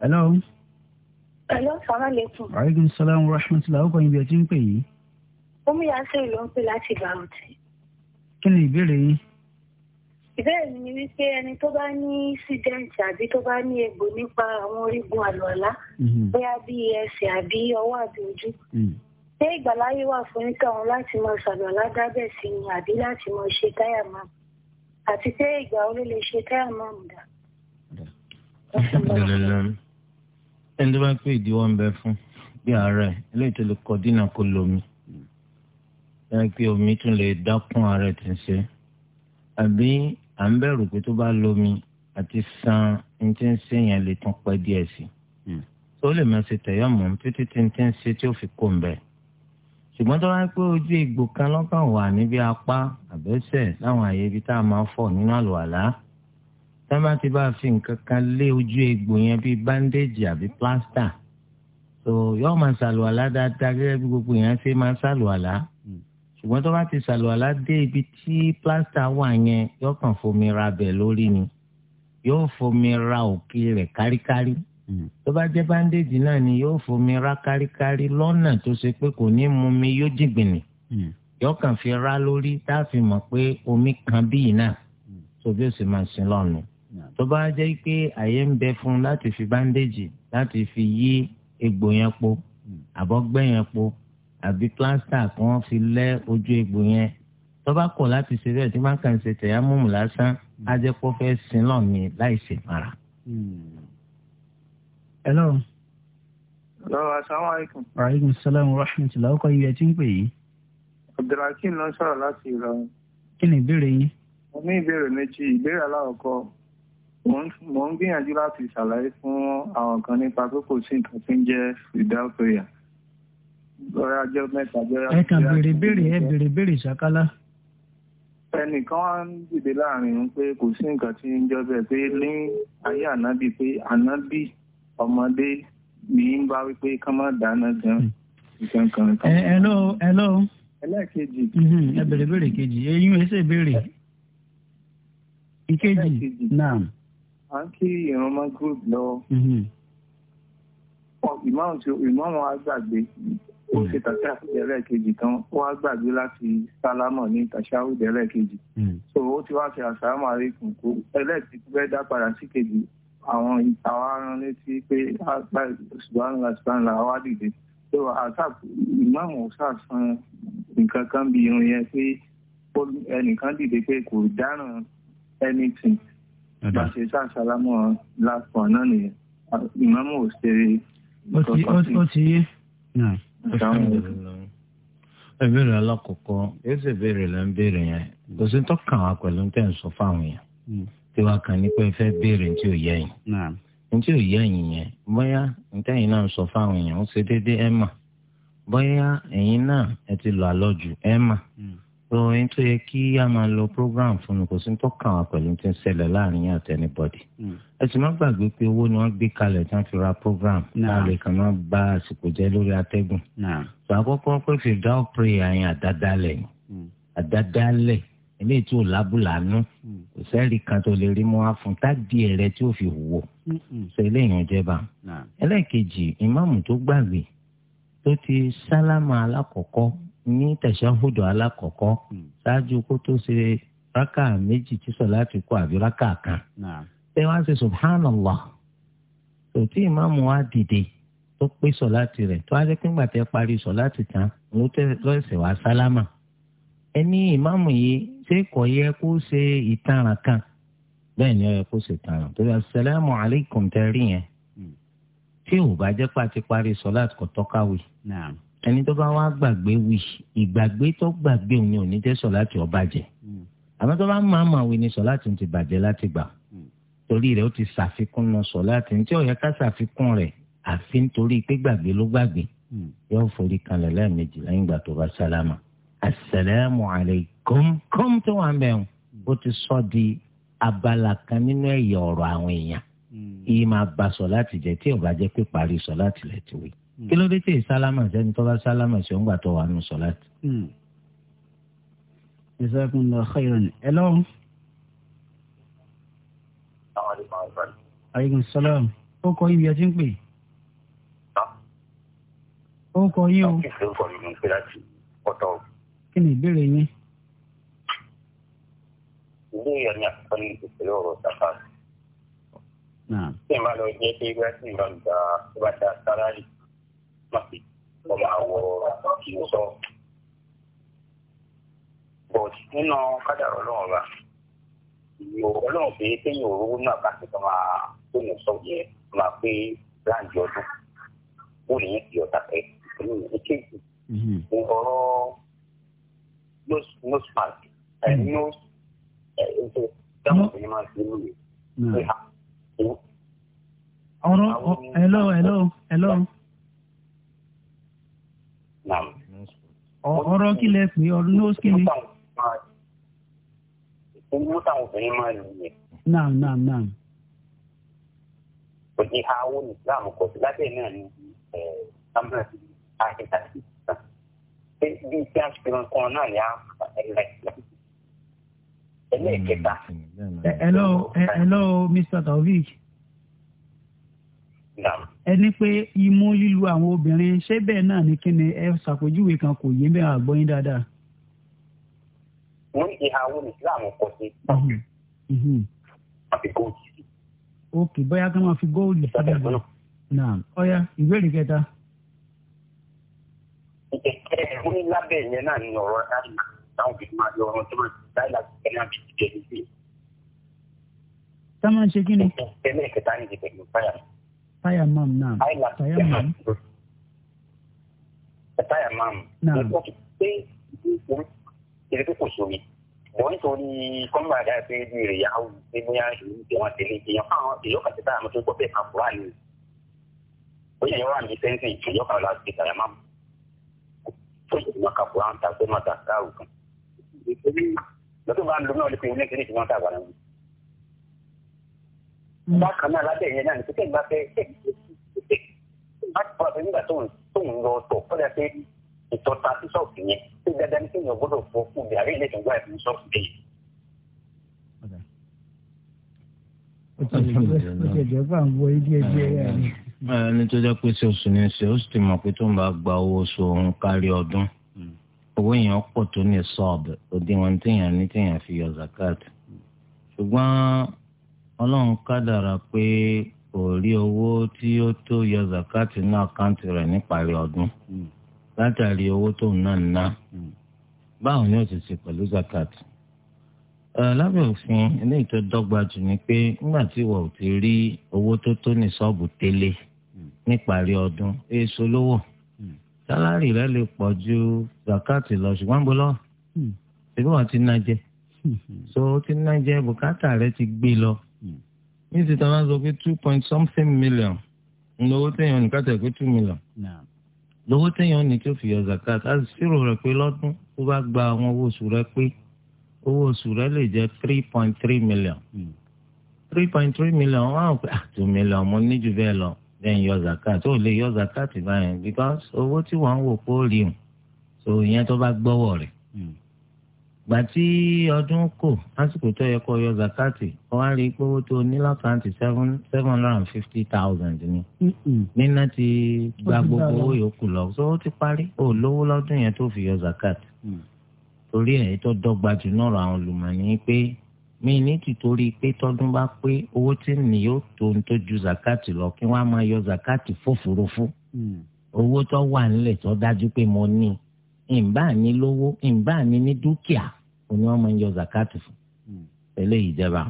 hello. hello salaamaleykum. aleykum salaam wa rahmatulah ó kọ́ ibi ẹ̀ tí ń pè yìí. omi yà ń sẹ́yìn ló ń pè láti ìgbà òtí. kí ni ìbéèrè yín ìbéèrè ni wípé ẹni tó bá ní sídẹ̀ǹtì àbí tó bá ní egbò nípa àwọn orígun àlọ́lá mm-hmm. bóyá bíi ẹsẹ̀ àbí ọwọ́ àbí ojú mm-hmm. ṣé ìgbàláyé wà fún nítàn láti máa ṣàlọ́lá dábẹ̀ sí ni àbí láti máa ṣe táyà máa àti pé ìgbà wo ló lè ṣe táyà máa mú dà. ẹni tó bá pé ìdíwọ́ ń bẹ fún bí ààrẹ eléyìí tó lè kọ dínà kó lomi ẹni pé omi tún lè dákún ààrẹ tì àbí à ń bẹ̀rù pé tó bá lomi àti san ní tí ń ṣe yẹn lè tún pẹ́ díẹ̀ sí i tó hmm. lè máa ṣe tẹ̀yọ̀ mọ́ títí tí ń tí ń ṣe tí ó fi kó ń bẹ̀. ṣùgbọ́n tó bá ń pé ojú egbò kan lọ́kàn wà níbi apá àbẹ́sẹ̀ láwọn àyè ibi tá a máa fọ̀ nínú àlùwàlá tá ti bá fi nǹkan kan lé ojú egbò yẹn bíi bandage àbí plaster so yóò máa ṣàlùwàlá dáadáa gẹ́gẹ́ bí gbogbo yẹn ṣe máa ṣàlùwàlá ṣùgbọ́n tó bá ti ṣàlùwàlá dé ibi tí plásítà wà yẹn yóò kàn fomi ra bẹ̀ lórí ni yóò fomi ra òkè rẹ̀ káríkárí hmm. tó bá jẹ́ báńdéèjì náà ni yóò fomi ra káríkárí lọ́nà tó ṣe pé kò ní mu mi yóò jìgbìnì hmm. yóò kàn fi ra lórí tá a fi mọ̀ pé omi kan bíi náà tó hmm. bí ó sì máa sin lọ́nu tó bá jẹ́ pé àyè ń bẹ fún láti fi báńdéèjì láti fi yí egbò yẹn po àbọ̀gbẹ́ yẹn po àbí plásítà kí wọ́n fi lẹ́ ojú egbò yẹn tó bá kọ̀ láti ṣe bẹ́ẹ̀ tí máa kàn ṣe tẹ̀yà múmu lásán á jẹ́ kó fẹ́ sin lọ mi láì ṣe mara. Hmm. hello. hello asalaamualeykum. waaleykum salaam wa rahmatulah ọkọ iye tí ń pè yìí. abdulhakeem ló ń sọ̀rọ̀ láti ìlọrin. kí ni ìbéèrè yín. mo ní ìbéèrè méjì ìbéèrè aláwọ̀kọ́ mo ń gbìyànjú láti ṣàlàyé fún àwọn kan nípa pé kò sí nǹkan tí ń jẹ́ fidel prayer lọ́rọ̀ ajọ́ mẹ́ta jọra. ẹ kàn béèrè béèrè ẹ béèrè béèrè ṣàkálà. ẹnìkan wá ń dìde láàrin pé kò sí nǹkan tí ń jọ bẹ́ẹ̀ pé ní ayé ànábì pé ànábì ọmọdé ní ń bá wípé kán má dáná gan ìkankan. ẹ mhm, ẹ lọ ẹ lọ. ẹlẹ́ẹ̀kejì. ẹ béèrè béèrè kejì eyín ẹ ṣe béèrè. ìkejì náà. à ń kí ìrànmọ́ group lọ. Mhm. ìmọ̀ràn tí ìmọ̀ràn ó hmm. ṣe tàṣà ìdẹ́rẹ́ kejì tán ó wá gbàgbé láti sálámọ̀ ní tàṣà ìdẹ́rẹ́ kejì hmm. so ó ti wá ṣe àṣàmù àríkùn kó ẹlẹ́ẹ̀kejì fẹ́ dá padà sí kejì àwọn àwa rán létí pé àgbà ṣùgbọ́nla ṣùgbọ́nla àwa dìde so àṣàpù ìmáàmù ṣàṣàn nǹkan kan bí irun yẹn pé ẹnìkan dìde pé kò dáràn anything bá ṣe ṣàṣàlámọ̀ last one náà nìyẹn ìmáàmù ò ṣe. ó ti ó ti yé. ebere ala yóò ṣe béèrè la ń béèrè yẹn kò sí tọ́kàn wá pẹ̀lú fáwọn yẹn tí hmm. wàá kàn ní ya ẹ fẹ́ béèrè tí ò ntí ò yẹ ẹ̀yin yẹn bóyá ntẹ̀yin náà fáwọn so ẹni tó yẹ kí a máa lọ program fún mi kò sí tó kàn wá pẹ̀lú tí ń ṣẹlẹ̀ láàrin yín àti anybody. Hmm. ẹ sì má gbàgbé pé owó ni wọ́n gbé kalẹ̀ tí wọ́n fi ra program láàrin kan máa bá àsìkò jẹ́ lórí atẹ́gùn. sọ àkọ́kọ́ pé fìdáwọ́ prayer yẹn àdádálẹ̀ hmm. àdádálẹ̀ eléyìí tí ò lábùlánú hmm. kò sẹ́ẹ̀rì kan tó lè rí mọ́ wá fún tádìí rẹ tí ò fi wò sọ eléyìí ń jẹ́ bá. ẹlẹ́ẹ̀kejì ìmáàmù tó gbàgbé tó ti sálámà alákọ̀ọ́kọ́ ní tẹ̀sánfòdò alákọ̀ọ́kọ́ hmm. ṣáájú kó tó ṣe rákà méjì tí sọ̀láàtì kó àbí rákà kan. ṣé wàá ṣe subhanallah tòtí ìmáàmù wa dìde tó pé sọ̀láàtì rẹ̀ tó wáá jẹ́ pé ńgbà tẹ́ parí sọ̀láàtì tán ló tẹ́ lọ́sẹ̀ wá sálámà. ẹni ìmáàmù yìí ṣé kò yẹ kó ṣe ìtaràn kan bẹ́ẹ̀ ni ó yẹ kó ṣe ìtaràn torí asalaamu alaykum tẹ́ rí yẹn hmm. tí ò bá jẹ́ pé a ti parí sọ̀láàtì tọ́káwé ẹni tó bá wá gbàgbé wí ìgbàgbé tó gbàgbé òun ni òní jẹ́ sọ láti ó bàjẹ́ hmm. àmọ́ tó bá máa máa wí ni sọ láti ti bàjẹ́ láti gbà hmm. torí rẹ̀ ó ti ṣàfikún náà sọ láti ní tí ó yẹ ká ṣàfikún rẹ̀ àfi nítorí pé gbàgbé ló gbàgbé hmm. yóò forí kanlẹ̀ lẹ́ẹ̀mejì lẹ́yìn ìgbà tó bá sálámà àṣẹlẹ́mù àlẹ́ kọ́mkọ́m tó wà ń bẹ̀rù ó ti sọ di abala kan nínú ẹ̀yà ọ̀rọ̀ àwọn èèyàn ìyí máa ba sọ láti jẹ tí ó bá jẹ́ pé parí sọ láti lẹ̀ ti wí kí ló dé tẹ̀ sálámà sẹ́ni tó bá sálámà sí ọ̀ngbà tó wà nù sọ̀láàtì. Hmm. jazakumullahu khairan ẹ lọ́wọ́. aleykum salam, o kọ ibi ẹtí ń pè. ó kọ yín o. kí ni ìbéèrè yín. ilé ìyá ni àkọ́kọ́ ní ìpèsè ọ̀rọ̀ sàkáàtì. tí n lọ jẹ́ pé bí a ti gba tó bá pàpè wọ́n máa wọ kí n sọ. but nínú kádàrọ̀ ọlọ́run wa ìyó ọlọ́run pé téèyàn òróró náà bá ti kọ́ máa tóyàn sọ yẹ máa pé láǹdì ọdún ó lè yẹn fi ọ̀tá tẹ̀ ìpínlẹ̀ ọ̀rọ̀ nose mask ẹ̀ nose ẹ̀ ń tó dáhùn sí ni máa ti lù mí. Hello, hello, hello ọ̀rọ̀ kí lẹ pé ọ̀rọ̀ ní òsì ni. owó táwọn obìnrin máa lò yẹn. naam naam naam. kò ní àwọn Islam kò sí lábẹ́ náà ní samuel akitasi bí tí a ṣe nǹkan náà ní àìlẹ́sẹ̀. ẹlẹ́ẹ̀kẹta. hello hello Mr. Taofik ẹni pé imú lílu àwọn obìnrin ṣé bẹ́ẹ̀ náà ni kí ni ẹ ṣàpèjúwe kan kò yé bẹ́ẹ̀ àgbọ́yìn dáadáa. wọ́n ṣe àwọn Islam kọ mhm. sí. ok bóyá kí wọ́n fi góòlù sí i. naam ọ̀ya ìbéèrè kẹta. ìkẹ̀kẹ́ ẹ̀ fún lábẹ́ yẹn náà ni ọ̀rọ̀ láì láwọn fi máa yọ ọ̀rọ̀ tó máa láì láti kẹ́ náà fi jẹ́ níbí. tá máa ń ṣe kí ni. ẹlẹ́ẹ̀kẹta ni ìbẹ̀rù Tayamam naam. Tayamam. Tayamam. Naam. Ó ti pé ìlú tó kò sómi. Wọ́n nítorí kọ́mbà dáa pé bí rè yá ó ti bóyá ìlú ìjọba tẹ̀lé ìyẹn fáwọn ìlú kan ti tá àmọ́ tó gbọ́ bẹ́ẹ̀ kan kúrò àlè. Ó yẹ wá ní sẹ́ńsì ìjọ kan la ti Tayamam. Ó yẹ wá kakura ń ta pé má ta káàrù kan. Lọ́tọ̀ bá ń lo náà lè pe ilé ìṣẹ́ ìṣẹ́ wọn ta àgbàlagbà bákan náà lábẹ́ yẹn náà ní pípẹ́ ìgbà pé ṣé ìgbà tó ṣe má ti pọ̀ nígbà tó ń lọ tọ̀ ó dà pé ìtọ́ta sí ṣọ́ọ̀bù yẹn tó dáadáa ní kéèyàn gbọ́dọ̀ fọ fún mi àrí ilé ìjọba ìfún ṣọ́ọ̀bù yẹn. ó ti jẹ́ fún àwọn ibi ẹgbẹ́ rẹ̀ ni. ẹni tó jẹ́ pé ṣe oṣù ní ṣe ó sì ti mọ̀ pé tó ń bá gba owó oṣù òun kárí ọdún owó èèyàn pọ̀ tó ní sọ́ọ̀bù òdiwọ̀n téèyàn ní téèyàn fi yọ zakat ṣùgbọ́n ọlọ́run kádàrà pé kò rí owó tí ó tó yọ zakati náà àkáǹtì rẹ̀ níparí ọdún hmm. látàrí owó tó ń náà ná hmm. báwo ni ó ti ṣe pẹ̀lú zakati lábẹ́ òfin eléyìí tó dọ́gba jù ni pé nígbà tí wọ́n ò ti rí owó tó tó ní sọ́ọ̀bù tẹ́lẹ̀ hmm. níparí ọdún èso lówó sálárì rẹ lè pọ̀ ju zakati lọ ṣùgbọ́n bó lọ́wọ́ ṣé wọ́n ti ná jẹ so ó ti ná jẹ bùkátà rẹ ti gbé lọ ní ti tàn án sọ pé two point something million lówó téèyàn ní kátà pé two million lówó téèyàn ní tó fi yọ zakat á ṣírò rẹ̀ pé lọ́dún tó bá gba àwọn owó oṣù rẹ̀ pé owó oṣù rẹ̀ lè jẹ́ three point three million hmm. three point three million wọn àwọn pé ah, two million mo ní jù bẹ́ẹ̀ lọ bẹ́ẹ̀ yọ zakat ó lè yọ zakat báyẹn because owó tí wọ́n ń wò pé ó rí o so ìyẹn tó bá gbọ́wọ́ rẹ̀. Hmm gbà tí ọdún kò lásìkò tó yẹ kó yọ zakati ó rí pé owó tó ní lákàntì seven seven hundred and fifty thousand ni nínà ti gba gbogbo owó yòókù lọ so ó ti parí ó lówó lọ́dún yẹn tó fi yọ zakati mm. torí ẹ̀ tó dọ́gba jù náà rọ àwọn olùmọ̀ọ́ni pé mi ní tìtorí pé tọdún bá pé owó tí ní yóò tó ń tó ju zakati lọ kí wọn á máa yọ zakati fòfurufú mm. owó tó wà nílẹ̀ tó dájú pé mo ní ìǹbá ni lówó ìǹbá ni ní dúkìá òní wọn máa ń yọ zakati fún eléyìí hmm. jẹba.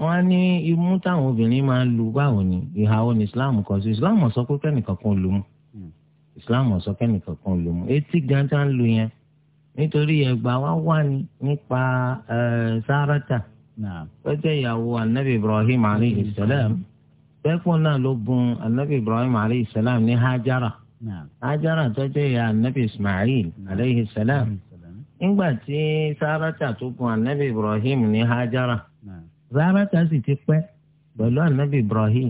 wọ́n á ní imú táwọn obìnrin máa ń lu báwo ni ìhàwọ́ ní islam kọ sí islam sọ pé kẹ́nìkan kan lù mú hmm. islam sọ kẹ́nìkan kan lù mú etí gan tá ń lu yẹn nítorí ẹgbàá wa wà ní nípa eh, sáràtà ó ìyàwó anabi ibrahim alayhi salam bẹ́ẹ̀ fún náà ló bùn anabi ibrahim alayhi salam ní hajara. ajara tó jẹ́ ìyá anabi ismail aleyhi salam nígbà tí sarata tó gun anabi ibrahim ní hajara sarata sì ti pẹ́ pẹ̀lú anabi ibrahim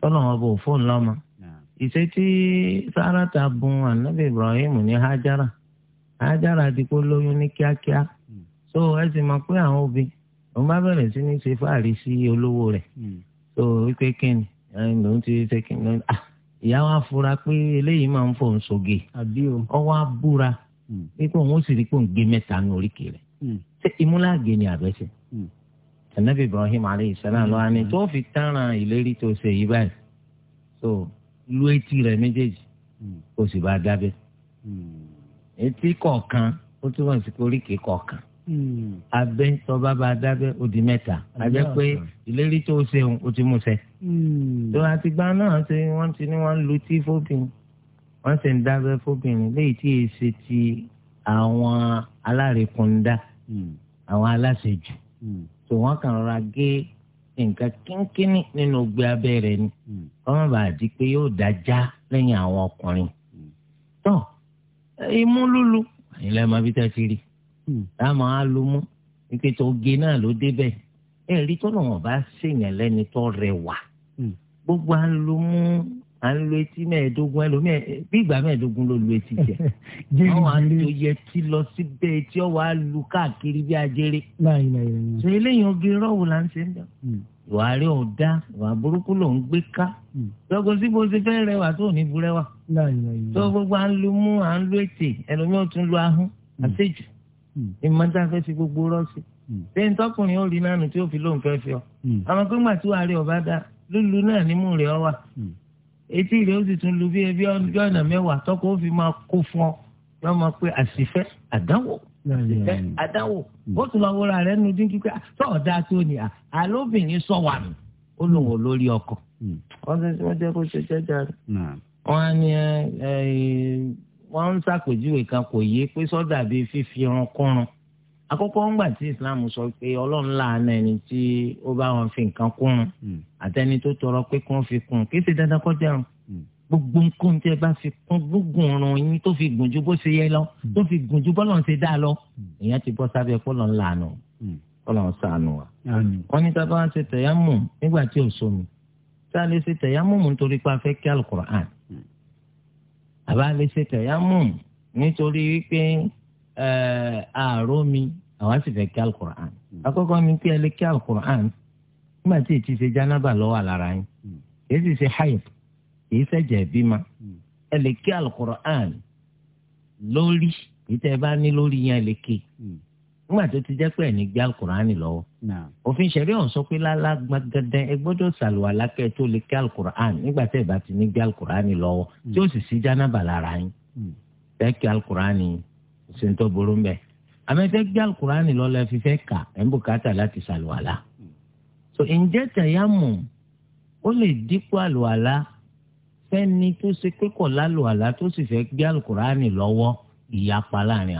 tọ́lọ́wọ́n hmm. bò fóun lọ́mọ ìṣe tí sarata bùn anabi ibrahim ní hajara hajara di kó lóyún ní kíákíá hmm. so ẹ sì mọ̀ pé àwọn obì òun bá bẹ̀rẹ̀ sí ní ṣe fáàrí sí olówó rẹ̀ hmm. so wípé kíni ẹ̀ lòun ti ṣe kíni ah ìyá wa fura pé eléyìí máa ń fò ń soge ọwọ́ abúra pípọ̀ òun ó sì rí pé òun gé mẹ́ta ní oríkèé rẹ̀ hmm. ṣé ni hmm. ibrahim aleyhi salam hmm. tó fi tánra ìlérí tó so lu etí rẹ̀ méjèèjì kó sì bá dábẹ́ etí kọ̀ọ̀kan ó Hmm. abẹ tọba bá dábẹ ó di abẹ pé ìlérí tó o ṣeun o ti mú ṣẹ. Hmm. tó àti gba náà ṣe wọ́n ti ní wọ́n lu tí fóbìnrin wọ́n sì ń dábẹ fóbìnrin léyìí tí èyí ṣe ti àwọn alárekunda hmm. àwọn aláṣejù tó wọ́n kàn rọra gé nǹkan kínkínní nínú ogbe abẹ ni ọmọ bàá di pé yóò dájá lẹ́yìn àwọn ọkùnrin. tó imú lulu ìlẹ̀ bí tẹ́ ti rí táwọn hmm. á lo mú ike tó ge náà ló débẹ̀ ẹ rí tọ́nà wọn bá ṣèyàn lẹ́ni tó rẹwà hmm. gbogbo à ń lo mú à ń lo etí mẹ́ẹ̀ẹ́dógún ẹlòmíẹ̀ bí ìgbà mẹ́ẹ̀ẹ́dógún ló lu etí jẹ àwọn àtòyẹ tí lọ síbẹ̀ tí ó wàá lu káàkiri bí ajere ṣe eléyìí oge rọ́wù là ń ṣe ń dà hmm. ìwà rẹ̀ ò ìwà burúkú ló ń gbé ká lọ́gọ́ sí bó ṣe fẹ́ rẹwà tó ní burẹ́wà tó gbogbo à mú à ń lu ó tún lu ahọ́n àṣejù Hmm. ìmọ̀ta fẹ́ fi gbogbo rọ́ọ̀sì hmm. ṣé ń tọkùnrin ó rí nánu tí ó fi lóun fẹ́ fi ọ hmm. àwọn pé ńgbà tí wàá rí ọba dá lulu náà nímú rẹ̀ ọ wà etí rẹ̀ ó sì tún lu bí ebi ọ̀nà mẹ́wàá tọkọ ó fi máa kó fún ọ yọ máa pé àṣìfẹ́ àdánwò àṣìfẹ́ àdánwò ó tún lọ wọra rẹ̀ nu dín kíkẹ́ sọ̀ọ́dá tó ni àlóbìnrin sọ wà nù ó lòun ò lórí ọkọ̀ wọ́n tí wọ́n jẹ́ kó ṣe jẹ́jà rẹ̀ wọ́n ń ṣàpèjúwe kan kò yé pé sọ́dà bíi fífi irun kúrun àkọ́kọ́ ńgbà tí islam sọ pé ọlọ́run láàánú ẹni tí ó bá wọn fi nǹkan kúrun hmm. àtẹni tó tọrọ pé kí wọ́n fi kún kí ṣe dandan kọ́ jẹun hmm. gbogbo nǹkan tí ẹ bá fi kún gúngùn ọrùn yín tó fi gùn ju bó ṣe yẹ lọ hmm. tó fi gùn ju bọ́lọ̀ ń ṣe dá lọ ìyẹn ti bọ́ sábẹ́ kọ́lọ̀ ń lànà kọ́lọ̀ ń sànù wa. wọ́n ní tá a ṣe tẹ̀yámù nígbà tí ò sómi tá lè ṣe tẹ̀yámù nítorí pé a fẹ́ kí alukur'an àbá lè ṣe tẹ̀yámù nítorí wípé àárọ̀ mi àwọn sì fẹ́ kí alukur'an akọkọ hmm. mi kí ẹ lè kí alukur'an nígbà tí èyí ti ṣe jánábà lọ́wọ́ àlára yín hmm. èyí sì ṣe hayib èyí ṣẹ̀jẹ̀ bímọ hmm. ẹ lè kí alukur'an lórí èyí bá ní lórí yẹn lè kí nígbà tó ti jẹ́ pé ẹ̀ní gbé alukur'ani lọ́wọ́. òfin ṣẹ̀rí ọ̀hún sọ pé lálá gbàgádán ẹ gbọ́dọ̀ ṣàlùwà lákẹ́ tó lè ké alukur'ani nígbà tẹ́ ẹ bá ti ní gbé alukur'ani lọ́wọ́ tí ó sì sí jánábà lára yín. Hmm. fẹ́ ké alukur'ani ṣe ń tó burú mbẹ́. àmọ́ fẹ́ gbé alukur'ani lọ́lọ́ ẹ fi fẹ́ kà ẹ̀ ń bùkátà láti ṣàlùwà lá. Hmm. so ǹjẹ́ tẹ̀yàmù ó lè dípò àlùwàlá fẹ́ni tó ṣe pé kò lálùwàlá tó sì fẹ́ gbé alukur'ani lọ́wọ́ ìyapa láàrin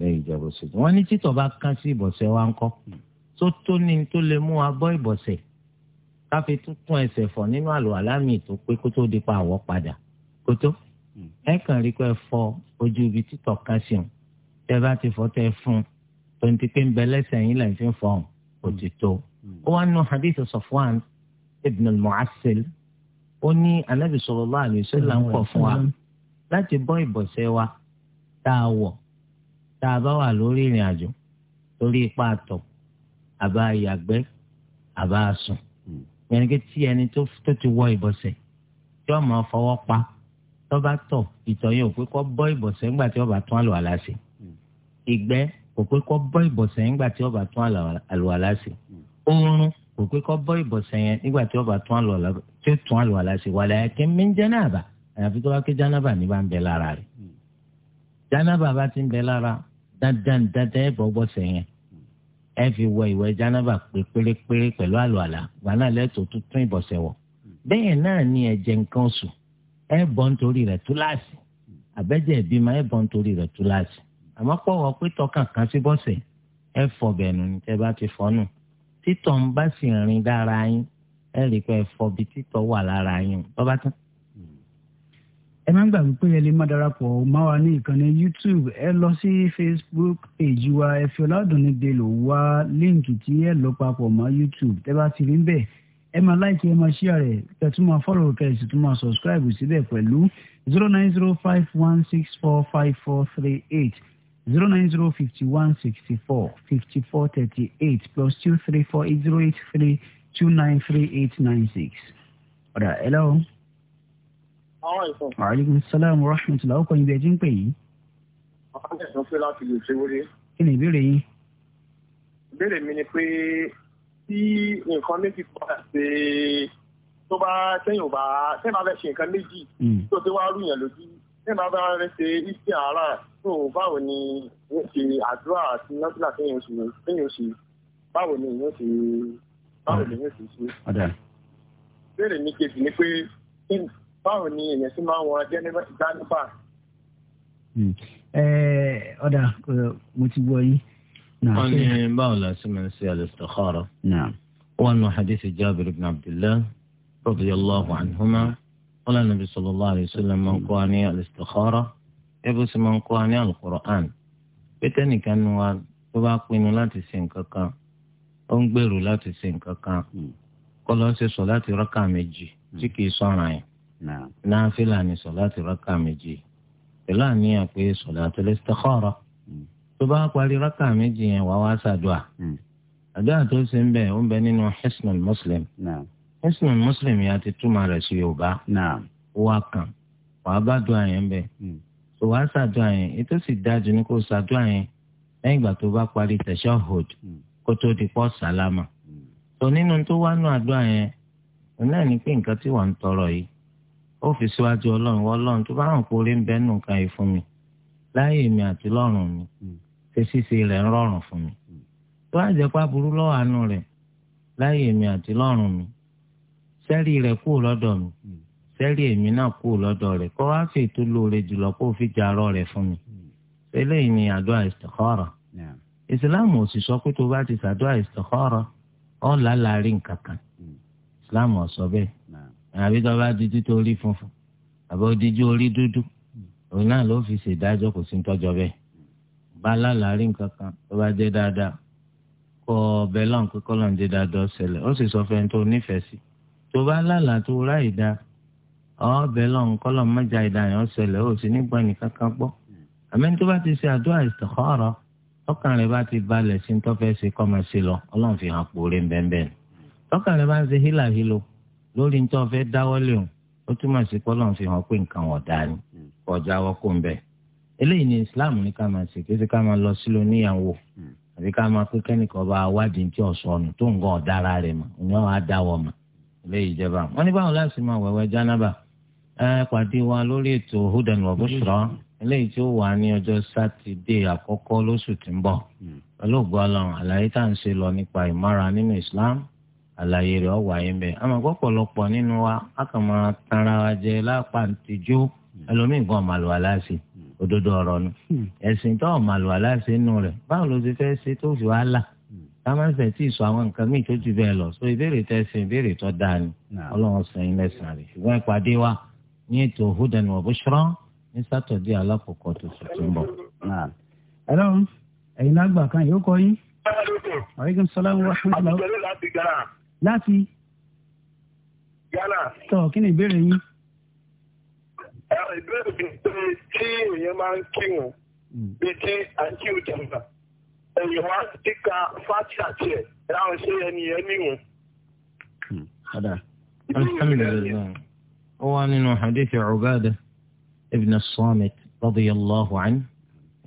lẹ́yìn ìjọba òṣèlú wọn ní títọ́ bá kán sí ìbọ̀sẹ̀ wa ń kọ́ tó tó ní tó lè mú wa bọ́ ìbọ̀sẹ̀ káfí tuntun ẹsẹ̀ fọ̀ nínú àlọ́ àlámì tó pé kó tó di pa àwọ̀ padà kó tó hmm. ẹ kàn rí pé fọ ojú ibi títọ́ kán sí òun tẹ bá ti fọ tẹ fún un tonti pé ń bẹ lẹ́sẹ̀ yín lẹ́yìn tí ń fọ òun kò ti tó hmm. ó wá nù hadith Safwan ibn al ó ní anabi sallallahu alaihi wasallam ń pọ̀ fún wa láti bọ́ ìbọ̀sẹ̀ wa tá a wọ̀ tá a bá wà lórí ìrìn àjò lórí ipa àtọ̀ àbá yàgbẹ́ àbá sùn hmm. yẹn kí tí ẹni tó ti wọ ìbọ̀sẹ̀ tí wọ́n máa fọwọ́ pa tó bá tọ̀ ìtọ̀ yẹn ò pé kó bọ́ ìbọ̀sẹ̀ ńgbà tí wọ́n bá tún àlùwàlá ṣe hmm. ìgbẹ́ kò pé kó bọ́ ńgbà tí wọ́n bá tún àlùwàlá ṣe hmm. oorun kò pé kó bọ́ yẹn nígbà tí wọ́n bá tún àlùwàlá tí ó tún mi ń jẹ́ náà àyàfi tó bá ké jánábà ní bá ń bẹ lára rẹ̀ jánábà bá ti ń bẹ lára dandan dandan ẹ̀ bọ́ bọ́ sẹ́yìn ẹ fi wọ ìwẹ̀ jánábà pé pérépéré pẹ̀lú àlùwàlà wà náà lẹ́tọ̀ọ́ tó tún ìbọ̀sẹ̀ wọ̀ bẹ́ẹ̀ náà ni ẹ̀jẹ̀ nǹkan oṣù ẹ bọ́ nítorí rẹ̀ túláàsì àbẹ́jẹ̀ ìbímọ ẹ bọ́ nítorí rẹ̀ túláàsì àmọ́ pọ̀wọ́ pé tọkàn kan sí bọ́sẹ̀ ẹ fọ bẹ̀nu ni tẹ bá ti fọ́nù títọ̀ ń bá sì rìn dára yín ẹ rí i pé ẹ fọ bí títọ̀ wà lára yín bọ́bá tán ẹ má gbàgbé pé ẹ lè má darapọ̀ má wa ní ìkànnì youtube ẹ lọ sí facebook page wa ẹ fi ọ̀làdùnní belò wá líǹkì tí ẹ lọ papọ̀ mọ́ youtube tẹ́ bá ti rí bẹ́ẹ̀ ẹ máa láìkí ẹ máa ṣíà rẹ̀ kẹ́ tún máa fọ́lọ̀ kẹ́ ẹ sì tún máa sọ̀sìkírábù síbẹ̀ pẹ̀lú zero nine zero five one six four five four three eight zero nine zero fifty one sixty four fifty four thirty eight plus two three four eight zero eight three two nine three eight nine six. ọ̀dà ẹ lọ́wọ́. Àríkún Sálámù Rọ́ṣùntìlá ọkọ̀ ibi ẹjí ń pè yìí. Ọ̀pọ̀lọpọ̀ ẹ̀sán pé láti lè ṣe wọlé. Kí ni ìbéèrè yín? Ìbéèrè mi ni pé tí nǹkan méjì padà ṣe tó bá tẹ́yìn bá tẹ́yìn bá fẹ́ ṣe nǹkan méjì hmm. tó ti wá rúyàn lójú tẹ́yìn bá fẹ́ ṣe iṣẹ́ ara tó báwo ni wọ́n ṣe àdúrà àti nọ́tìlà tẹ́yìn oṣù tẹ́yìn oṣù báwo ni wọ́n ṣe báwo ni wọ́n ṣe ṣe. Ìbéèrè mi kejì ni pé báwo ni èèyàn sì máa ń wọ jẹ́nẹ́bà. Hmm. Eh, ọ̀dà mo ti gbọ́ yín. wọ́n ní báwo la ṣe máa ń ṣe al-istikhara. wọ́n nu hadith Jabir ibn Abdullah radiyallahu anhuma wọ́n lẹ́nu nabi sallallahu alayhi wa sallam máa ń kọ́ ni al-istikhara ẹ̀bùn sì máa ń kọ́ ni al pété nìkan nu wa tó bá pinnu láti ṣe nǹkan kan ó ń gbèrò láti ṣe nǹkan kan kọ́ ló ń ṣe sọ láti rákà méjì tí kì í sọ̀ràn yẹn náfìlà ni sọ̀láàtì rákà méjì pẹ̀lú àníyàn pé sọ̀láàtì lẹ́sítẹ́kọ̀rọ̀ hmm. tó bá parí rákà méjì yẹn wàá a ṣàdúà hmm. àdúrà tó ṣe ń bẹ̀ ń bẹ nínú hisnul muslim hisnul muslim yẹn ti túmọ̀ rẹ̀ sí yorùbá wà kàn wàá bá dùn àyẹn bẹ̀ hmm. tó wàá ṣàdúà yẹn ètò sì dájú ní kò ṣàdúà yẹn lẹ́yìn ìgbà tó bá parí kó tó ó fi síwájú ọlọ́run wọ́n lọ́run tó bá hàn kó rí ń bẹ́ nù ká yìí fún mi láyé mi àti lọ́rùn mi hmm. ṣe ṣíṣe rẹ̀ ń rọrùn fún mi hmm. tó bá jẹ́ pá burú lọ́wọ́ àánú rẹ̀ láyé mi àti lọ́rùn mi sẹ́rí rẹ̀ kúrò lọ́dọ̀ mi sẹ́rí hmm. èmi náà kúrò lọ́dọ̀ rẹ̀ kó wá fi ètò lóore jùlọ kó fi jarọ́ rẹ̀ fún mi eléyìí ni àdúrà istikhara ìsìláàmù ò sì sọ pé tó bá ti ṣàdúrà istikhara ọ̀ làlàrí àbí tó bá di títí orí funfun àbí ó dijú orí dúdú òun náà ló fi ṣèdájọ́ kò sí tọjọ bẹ́ẹ̀ bá lálàárí nǹkan kan tó bá jẹ dáadáa kọ ọbẹ lọhùn pé kọlọ ń jẹ dáadáa ṣẹlẹ̀ ó sì sọ fẹni tó nífẹ̀ẹ́ sí tó bá lálàá tó ráì dá ọbẹ lọhùn kọlọ mọjà ìdáyàn ọṣẹlẹ ó sì nígbà nìkan kan gbọ́ àmì tó bá ti ṣe àdúrà istikhara tọkàn rẹ bá ti balẹ̀ sí tó fẹ́ ṣe kọ́ máa lọ ọlọ́run fi hàn pòórè bẹ́ẹ̀ bẹ́ẹ̀ rẹ bá ń ṣe hílàhílo lórí ní tí fẹ́ dáwọ́lé o ó túmọ̀ sí fi hàn pé nǹkan ọ̀dà ni hmm. eléyìí ni islam ní ká máa ṣe kí lọ sílò níyàwó hmm. àbí ká máa pé kẹ́nìkan bá wádìí tí ọ̀sọ̀ tó ń gan ọ̀dára rẹ̀ mọ̀ ni wọ́n á dáwọ́ mà eléyìí wọ́n ní báwọn láti máa wẹ̀wẹ̀ jánábà ẹ pàdé wa lórí ètò hudan àlàyé rẹ̀ ọ̀wà yín bẹ́ẹ̀ àmọ́ nínú wa a kàn máa tanra wa jẹ lápá ntìjú ẹlòmíì gan màlúwa láàṣì òdodo ọ̀rọ̀ nu ẹ̀sìn tó láàṣì nù rẹ̀ báwo ló ti fẹ́ ṣe tó fi wá là támánsẹ̀ tí ì sọ àwọn nǹkan míì tó ti bẹ́ẹ̀ lọ so ìbéèrè tẹ̀sìn ìbéèrè tó dáa ni ọlọ́run sẹ́yìn lẹ́sàn rẹ̀ ṣùgbọ́n ìpàdé wa ní láti. Ghana. tọ́ kí ni ìbéèrè yín. ìbéèrè mi pé tí èèyàn máa ń kírun bíi tí à ń kírun jàmbá èèyàn wá kíka fáti àti ẹ̀ láwọn ṣé ẹni ẹ níwọ̀n. padà alhamdulilayi ó wá nínú hadith Ubadah ibn as-Samit radiyallahu anhu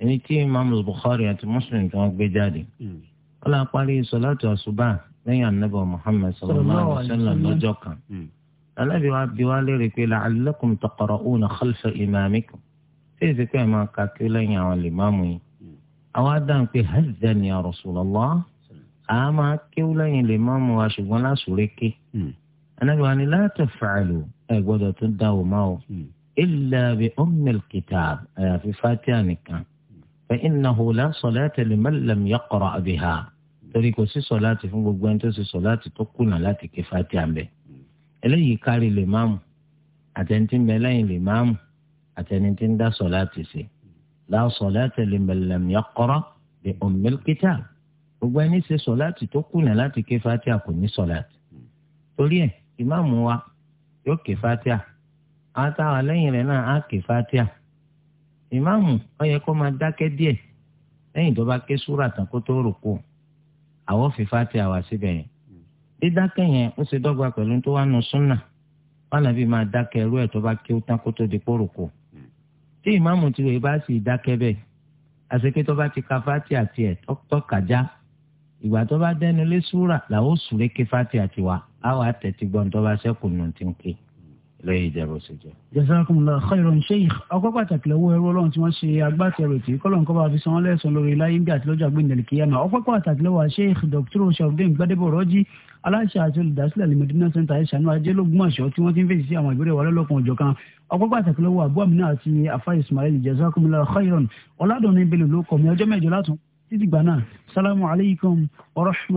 ẹni tí imaamu Bukhari àti Muslim tí wọ́n gbé jáde. lẹ́yìn anábọ̀ muhammed sallallahu alayhi wa sallam lọ́jọ́ kan anábì hmm. wa bi wá léèrè pé la'allakum taqra'una khalfa imamikum ṣé èsì pé ẹ̀ máa ka kí lẹ́yìn àwọn lèmáàmù yìí hmm. àwọn adáhùn pé hadhan ya rasulallah a máa kí lẹ́yìn lèmáàmù wa ṣùgbọ́n lásùrẹ́kẹ́ anábì hmm. wa ni la taf'alu ẹ̀ gbọ́dọ̀ tún dáwọ́ máa o illa bi ummil kitab àyàfi fatiha nìkan fa innahu la salata liman lam yaqra' biha torí kò sí sọláàtì fún gbogbo ẹni tó ṣe sọláàtì tó kùnà láti ké fati àmbẹ eléyìí kárí lè máàmù àtẹni tí ń bẹ lẹ́yìn lè máàmù àtẹni tí ń dá sọláàtì ṣe láwọn sọláàtì lè mẹlẹm yẹ kọrọ lè ọmọlẹ gbogbo ẹni ṣe sọláàtì tó kùnà láti ké fati à kò ní sọláàtì torí ẹ ìmáàmù wa yóò ké fati à àtàwọn lẹ́yìn rẹ̀ náà á ké fati à ìmáàmù ó yẹ kó máa dákẹ́ díẹ̀ lẹ́yìn tó bá ké súrà tán kó tó rò kó àwọn fi Fatiha wá síbẹ̀ yẹn dídákẹ́ yẹn ó ṣe dọ́gba pẹ̀lú tó wà nù súnà wànàbí máa dákẹ́ ẹrú ẹ̀ tó bá kí ó tán kó tó di pòròkò tí ìmáàmù tiwẹ̀ bá sì dákẹ́ bẹ́ẹ̀ àṣekẹ́ tó bá ti ka Fatiha tiẹ̀ tọ́kàjá ìgbà tó bá dẹnu lé súrà làwọn ò súré ké Fatiha tiwa á wà tẹ̀tí gbọ́n tó bá ṣẹ́kù nù tí ń ké lẹ́yìn ìjẹ́bù sí jẹ́. jazakumullahu khairan sheikh ọkọ pàtàkì lọ́wọ́ ẹrú ọlọ́run tí wọ́n ṣe agbátẹrù tí kọ́lọ̀ nǹkan bá fi san lẹ́sàn lórí láyé bí àtìlọ́jọ́ àgbéǹdẹ̀lì kìyàmà ọkọ pàtàkì lọ́wọ́ sheikh dr sharafdin gbadebo rọ́jí aláṣẹ àti olùdásílẹ̀ alimọ̀dínà sẹ́ńtà ìṣànú ajé lógúnmọ̀ṣọ́ tí wọ́n ti ń fèsì sí àwọn ìbéèrè wa lọ́lọ́kan òjọ̀ kan ọkọ pàtàkì lọ́wọ́ abu amina àti afa ismail jazakumullahu khairan ọ̀làdùnní bello ló kọ̀